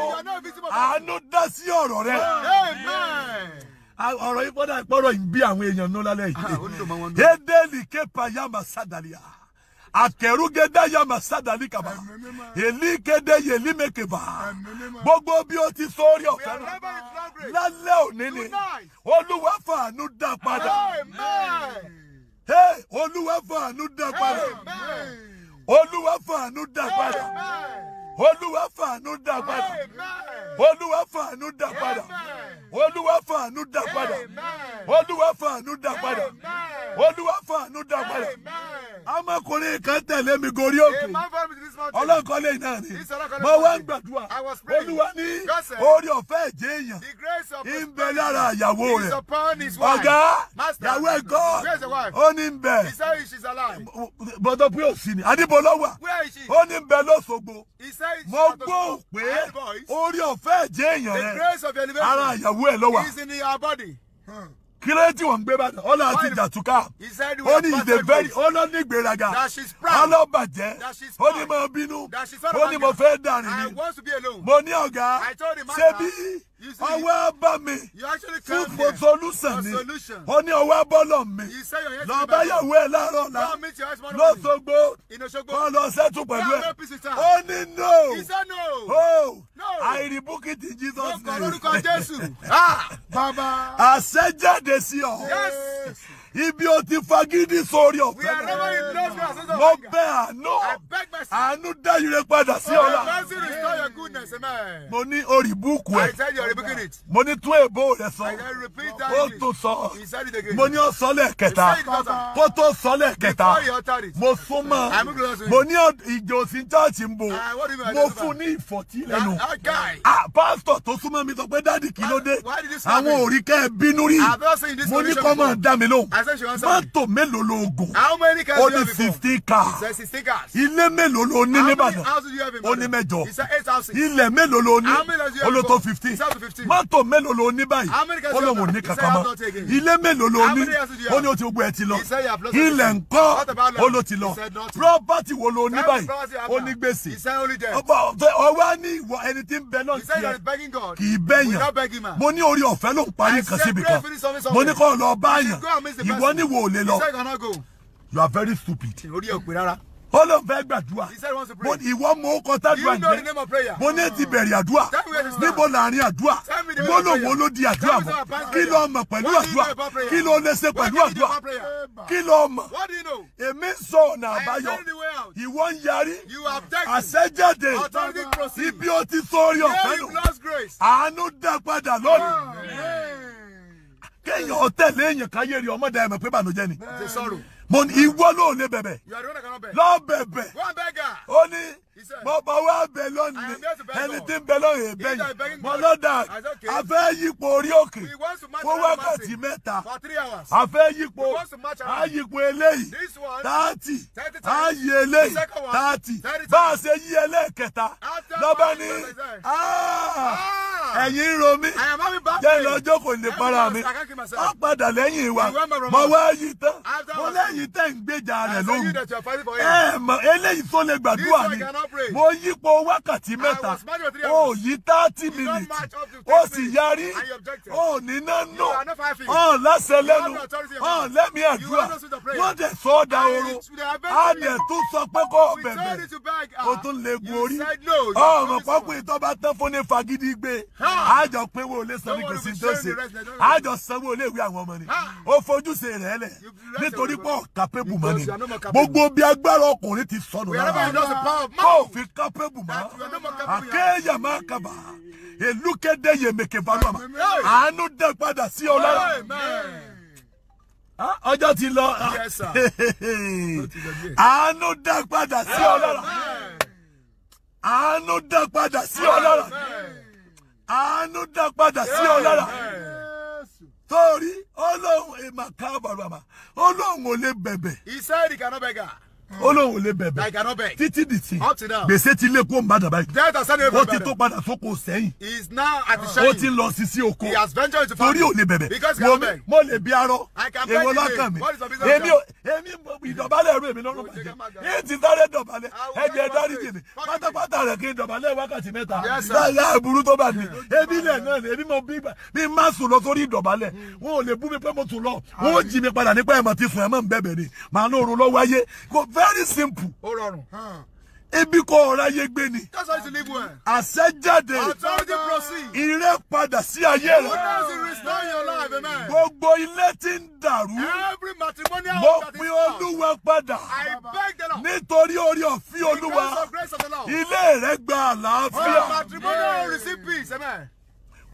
àánú dá sí ọ̀rọ̀ rẹ ọ̀rọ̀ yìí gbọ́dọ̀ àìpọ̀rọ̀ yìí bí àwọn èèyàn nú lálẹ́ yìí ah, édèlì képa yàmà sádàlì à àkẹrúgẹdẹ yàmà sádàlì kàbà èlíkédé yèlímẹkẹbà gbogbo bí o ti sórí ọ̀fẹ́ náà lálẹ́ òní ni olúwa fàánú dá padà olúwa fàánú dá padà olúwa fàánú dá padà olúwa fàánú dá padà olúwa fàánú dá padà olúwa fàánú dá padà olúwa fàánú dá padà olúwa fàánú dá padà ọmọkùnrin kan tẹ̀lé mi gorí òkè ọlọ́kọ́lé náà ni mo wá ń gbàdúrà olúwa ní orí ọ̀fẹ́ ẹ̀jẹ̀ èèyàn ń bẹ lára ìyàwó rẹ̀ ọ̀gá ìyàwó ẹ̀ gọ́ ó ní ń bẹ bọ́dọ̀ pé òsì ni àdìbò lọ́wọ́ ó ní ń bẹ lọ́sọ̀gbọ̀ mo gbọ́ pé orí ọ̀fẹ́ ẹ̀jẹ̀ èèyàn rẹ ara ìyàwó ẹ̀ ló wà hmm. kí ló tí wọ́n ń gbé bàtà ọ̀là àti ìjàtúkà ó ní ìdè very ó lọ ní ìgbéraga ó lọ bàjẹ́ ó ní mo bínú ó ní mo fẹ́ dàrin ni mo ní ọ̀gá ṣé bí ọwọ́ bá mi fún for solution ni ó ní ọwọ́ bọ́lọ̀ mi lọ bá yàwó ẹ láàárọ̀ la lọ́sọ̀gbọ́ kọ́ lọ sẹ́tù pẹ̀lú ẹ ó ní no oh I rebuke it in Jesus name [LAUGHS] ah, àṣẹ jáde sí ọ ibi o ti fagídí sórí ọ̀fẹ́ náà mo bẹ àánú àánú dá ire padà sí ọ̀la mo ní orí búùkù ẹ̀ mo ní tún èbó rẹ̀ sọ ó tún sọ mo ní ó sọ lẹ́ẹ̀kẹta kó tó sọ lẹ́ẹ̀kẹta mo sún mọ́ mo ní ìjọ sí chọ́ọ̀chì ń bo ah, mo fún ní ìfọ̀tí lẹ́nu ah, pásítọ̀ tó súnmọ́ mi sọ pé dáàdì kí ló dé àwọn òrí kẹ́ ẹ bínú rí mo ní kọ́ mọ̀ dá mi lóhùn mọ́tò mélòó ló gùn ó ní fifteen cars ilé mélòó ló ní nìbàdàn ó ní mẹ́jọ ilẹ̀ mélòó ló ní ó ló tó fifteen mọ́tò mélòó ló ní báyìí ó ló wò ní kankan mọ́ ilé mélòó ló ní ó ní ó ti gbogbo ẹ̀ ti lọ ilẹ̀ ńkọ́ ó ló ti lọ property wo ló ní báyìí ó ní gbèsè ọwọ́ ní ìwọ ẹni tí ń bẹ náà tiẹ̀ kì í bẹ̀yàn mo ní orí ọ̀fẹ́ ló ń parí nǹkan síbi kan mo ní kọ́ lọ báyàn ìwọ ni wo lè lọ you are very stupid. orí ẹ̀ pé rárá. ó ló fẹ́ gbàdúrà mo ní ìwọ mo kọ tàdúrà jẹ mo ní ti bẹ̀rẹ̀ àdúrà níbo láàrin àdúrà mo lò wọ́n ló di àdúrà mọ́ kí ló mọ̀ pẹ̀lú àdúrà kí ló lè ṣe pẹ̀lú àdúrà kí ló mọ̀ èmi sọ ọ̀nà àbáyọ ìwọ ń yarí àṣẹjáde ibi ó ti sọ orí ọ̀fẹ́ nù àánú dá padà lónìí kéèyàn ọ̀tẹ̀lẹ̀ èèyàn káyé rí ọmọdé ẹ̀mẹ̀ pé bànújẹ́ ni mo ní ìwọ ló lè bẹ̀bẹ̀ lọ bẹ̀bẹ̀ ó ní mo bọ̀ wá bẹ lónìí ẹni tí ń bẹ lónìí ẹ bẹ́yìn mo lọ́dà a fẹ́ yípo orí òkè fún wákàtí mẹ́ta a fẹ́ yípo a yípo eléyìí tààtì a yí eléyìí tààtì bá a ṣe yí ẹlẹ́ẹ̀kẹta lọ́ba ní ah, ah. ẹ̀yìn ro mi jẹ́ lọ́jọ́ kò lè para mi ó padà lẹ́yìn wa mo wá yí tán mo lẹ́yìn tẹ̀ ń gbèjà rẹ̀ lóhùn ẹ̀ mọ̀ eléyìí tó lè gbàdúrà ni mo yípo wákàtí mẹ́ta ó yí thirty minutes ó sì yarí ó níná nù ó lásẹ̀ lẹ́nu ó lẹ́mí àdúrà wọ́n dẹ̀ sọ ọ́ da oró á dẹ̀ tún sọ pé kó bẹ̀bẹ̀ ó ah. tún lè gun orí ọmọ pápẹ́ tó bá tán fún ní fagídí gbé àjọ pé wo lè sanwó gbèsè tó ṣe àjọ sanwó ilé ìwé àwọn ọmọ ni ó fojúṣe rẹ̀ lẹ̀ nítorí pọ̀ kápẹ́bù mọ́ni gbogbo bí agbára ọkùnrin ti sọnù lára kọ́ ó fi kápẹ́bù mọ́ àkéyà máa kaba èlúkédé yèmèkè balùwà àánú dẹ́ padà sí ọ lára ọjọ́ ti lọ àánú dá padà sí ọlọ́run àánú dá padà sí ọlọ́run àánú dá padà sí ọlọ́run torí ọlọ́run èèmà ká bàbà ọlọ́run ò lè bẹ̀bẹ̀. he said he cannot beggar ó lóun ò lè bẹ̀bẹ̀ títí di ti gbèsè ti lé kó n bàdàn báyìí ó ti tó padà sóko sẹ́yìn ah. ó ti lọ sí sí oko torí ò lè bẹ̀bẹ̀ mo lè bí arọ èwo lọ́kàn mi èmi ìdọ̀bálẹ̀ ẹ̀rú èmi lọ́rùn bàjẹ́ yìí ti sáré dọ̀bálẹ̀ ẹ̀jẹ̀ dárí jìnnì pátápátá rẹ̀ kí n dọ̀bálẹ̀ wákàtí mẹ́ta láyà burú tó bá mi ebi lẹ̀ náà ni ebi mo bí má sùn lọ sórí ìdọ̀bálẹ̀ hmm. wọn ò lè bú mi pé mo tún lọ ah. wọn ò jí mi padà nípa ẹ̀mọ̀ ti fún ẹ̀ mọ̀ ń bẹ̀bẹ̀ ni màá lóorun lọ́wọ́ ayé kò fẹ́ very simple. ó rọrùn. ibi kò ọ̀rá yé gbé ni. that's how you live well. àṣẹjáde. authority proceed. ire padà sí ayé rẹ. authority restore your life amen. gbogbo ilé ti ń dàrú. every matrimonial home that is found. mo pin olúwa padà. I beg the Lord. nítorí orí ọ̀fin olúwa. because of grace of the Lord. ilé rẹ gba àlàáfíà. your matrimonial receive peace amen.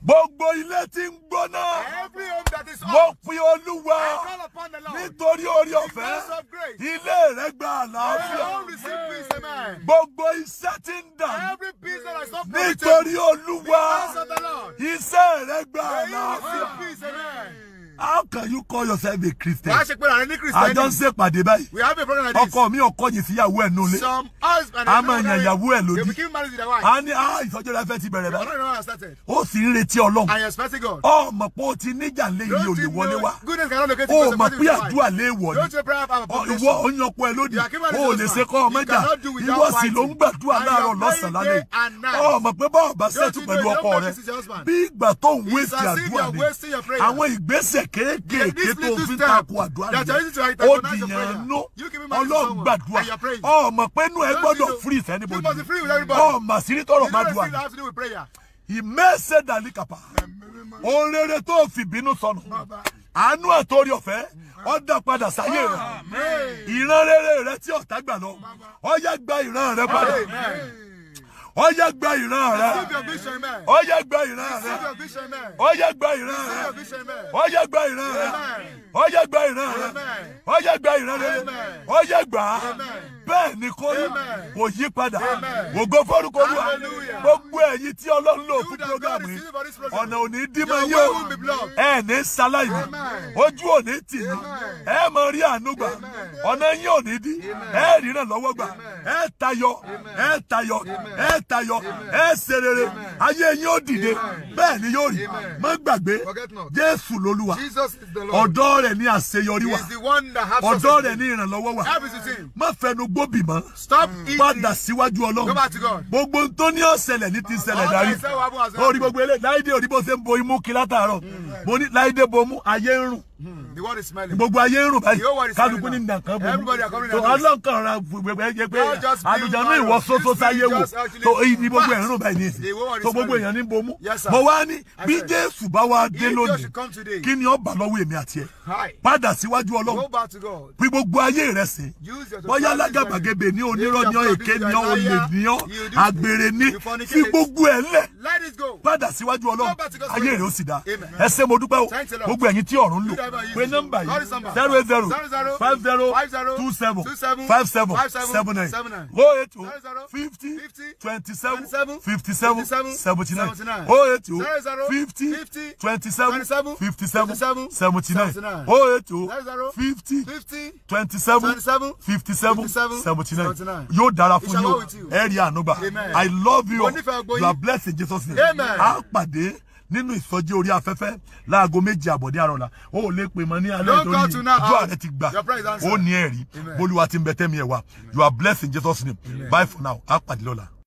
Gbogbo ilé tí ń gbóná. Every home that is on. Mo pe Olúwa. I call upon the Lord. Nítorí orí ọ̀fẹ́. Ilé rẹ̀ gba àlàáfíà. Your home receive peace, amen. Gbogbo iṣẹ́ tí ń dà. Nítorí Olúwa. Iṣẹ́ rẹ̀ gba àlàáfíà. How can you call yourself a Christian? Wàá ṣe pé ààrẹ ní Christian. Àjọ ń ṣèpàdé báyìí. We have a problem like this. Ọkọ mi ò kọ̀yìn sí ìyàwó ẹ̀ nulẹ̀. Some husband and wife. A máa yan ìyàwó ẹ̀ lódì. They will keep marriage with their wife. A ní ah ìsọjọ́ rẹ̀ fẹ́ ti bẹ̀rẹ̀ báyìí. Ọlọ́run náà started. Ó sì ń retí Ọlọ́run. And you expect God. Ọ mọ̀ pé o ti níjà lé yìí ò lè wọlé wá. Goodness cannot locate you. O mọ̀ pé àdúrà lé wọ̀ ni. Don't you pray for about population. Ìwọ ò ń yan ọkọ ẹ lódì. O lè ṣe kọ́ ọmọjà. Ìwọ sì ló ń gbàdúrà láàárọ̀ lọ́sàn-án lálẹ́. Ọ mọ̀ pé bọ́ọ̀ bá ṣètù pẹ̀lú ọkọ rẹ̀. Bí ìgbà tó ń wéṣì àdúrà ni. Àwọn ìgbésẹ̀ kéékèèké tó fi ń takò àdúrà yẹn ó dìyàn nú ọlọ́run gbàdúrà ọmọ pé inú ẹ gbọ́dọ̀ free with anybody ọmọ sírí tọrọ má dùn àná ìmẹ́sẹ̀ dàlí kàpá ohun rere tó fi bínú sọnù àánú àtòrí ọ̀fẹ́ ọ̀dà padà sáyé rẹ̀ ìran rere rẹ̀ tí ọ̀tá gbà lọ ó yá gba ìran rẹ̀ padà ó yá gba ìran rẹ ó yá gba ìran rẹ ó yá gba ìran rẹ ó yá gba ìran rẹ ó yá gba ìran rẹ ó yá gba ìran rẹ ó yá gbà á bẹ́ẹ̀ ni kó rí kò yí padà ògo fórúkọ Olúwa gbogbo ẹ̀yin tí Ọlọ́run lò fún program yìí ọ̀nà òní dímọ̀ yìí o ẹ̀ ní sáláì mi ojú òní tì yín ẹ̀ mọ rí àánú gbà ọ̀nà yín òní dí ẹ̀ ríran lọ́wọ́ gbà ẹ̀ tayọ ẹ̀ tayọ ẹ̀ tayọ ẹ̀ serere ayé yín dìde bẹ́ẹ̀ ni yóò rí má gbàgbé Jésù lolúwa ọ̀dọ̀ rẹ̀ ni àṣeyọrí wà ọ̀dọ̀ rẹ̀ ni ìrànlọ́wọ́ wà má fẹnu gb gbóbì mọ́. stop mm. eating padà síwájú ọlọ́run. go back to God. gbogbo tó ní ọ̀sẹ̀lẹ̀ ní ti ṣẹlẹ̀ darí. orí gbogbo eléyìí láìdé òdìbò ṣe ń bo imú kí látàárọ̀. Mm. mo ní láìdé bomú ayé ń rùn the world is smiling. gbogbo ayé ń rùn báyìí kálukú ní nǹkan bò tó ọlọ́kàn ra gbẹgbẹ jẹ pé àlùjọ ní ìwọ soso sáyé wò tó ìdí gbogbo ẹ̀ ń rùn báyìí nìyẹn tó gbogbo èèyàn ní bomú mo wá ní bí jésù bá wá dé lónìí kí ni ó bà lọ́wọ́ èmi àti ẹ̀ padà síwájú ọlọ́run bí gbogbo ayé rẹ̀ sí bóyá alágàbàgebè ní onírọ́ ní ọ èké ní ọ olè ní ọ àgbèrè ní fi gbogbo ẹ̀ lẹ̀ padà síwájú ọlọ́run ayé rẹ̀ ó sì dáa ẹ ṣé mo dúpẹ́ o gbogbo ẹ̀yin tí ọ̀run lò pé nọ́mbà yìí zero zero five zero two seven five seven seven nine o oh eight o fifty twenty seven fifty seven seventy nine o oh eight o fifty twenty seven fifty seven seventy nine o oh eight o fifty twenty seven fifty seven seventy nine yóò dára fún yín o ẹ rí ànúgbà I love you you are blessed in Jesus name a pàdé nínú ìsọjí orí afẹ́fẹ́ láago méje àbọ̀dé àrọ̀là ó lè pè mọ́ ní alẹ́ tó ní ju ààrẹ ti gbà ó ní ẹ̀rí bólúwa ti ń bẹ tẹ́mi ẹ̀ wá you are blessed in Jesus name bye for now á pàdé lọ́la.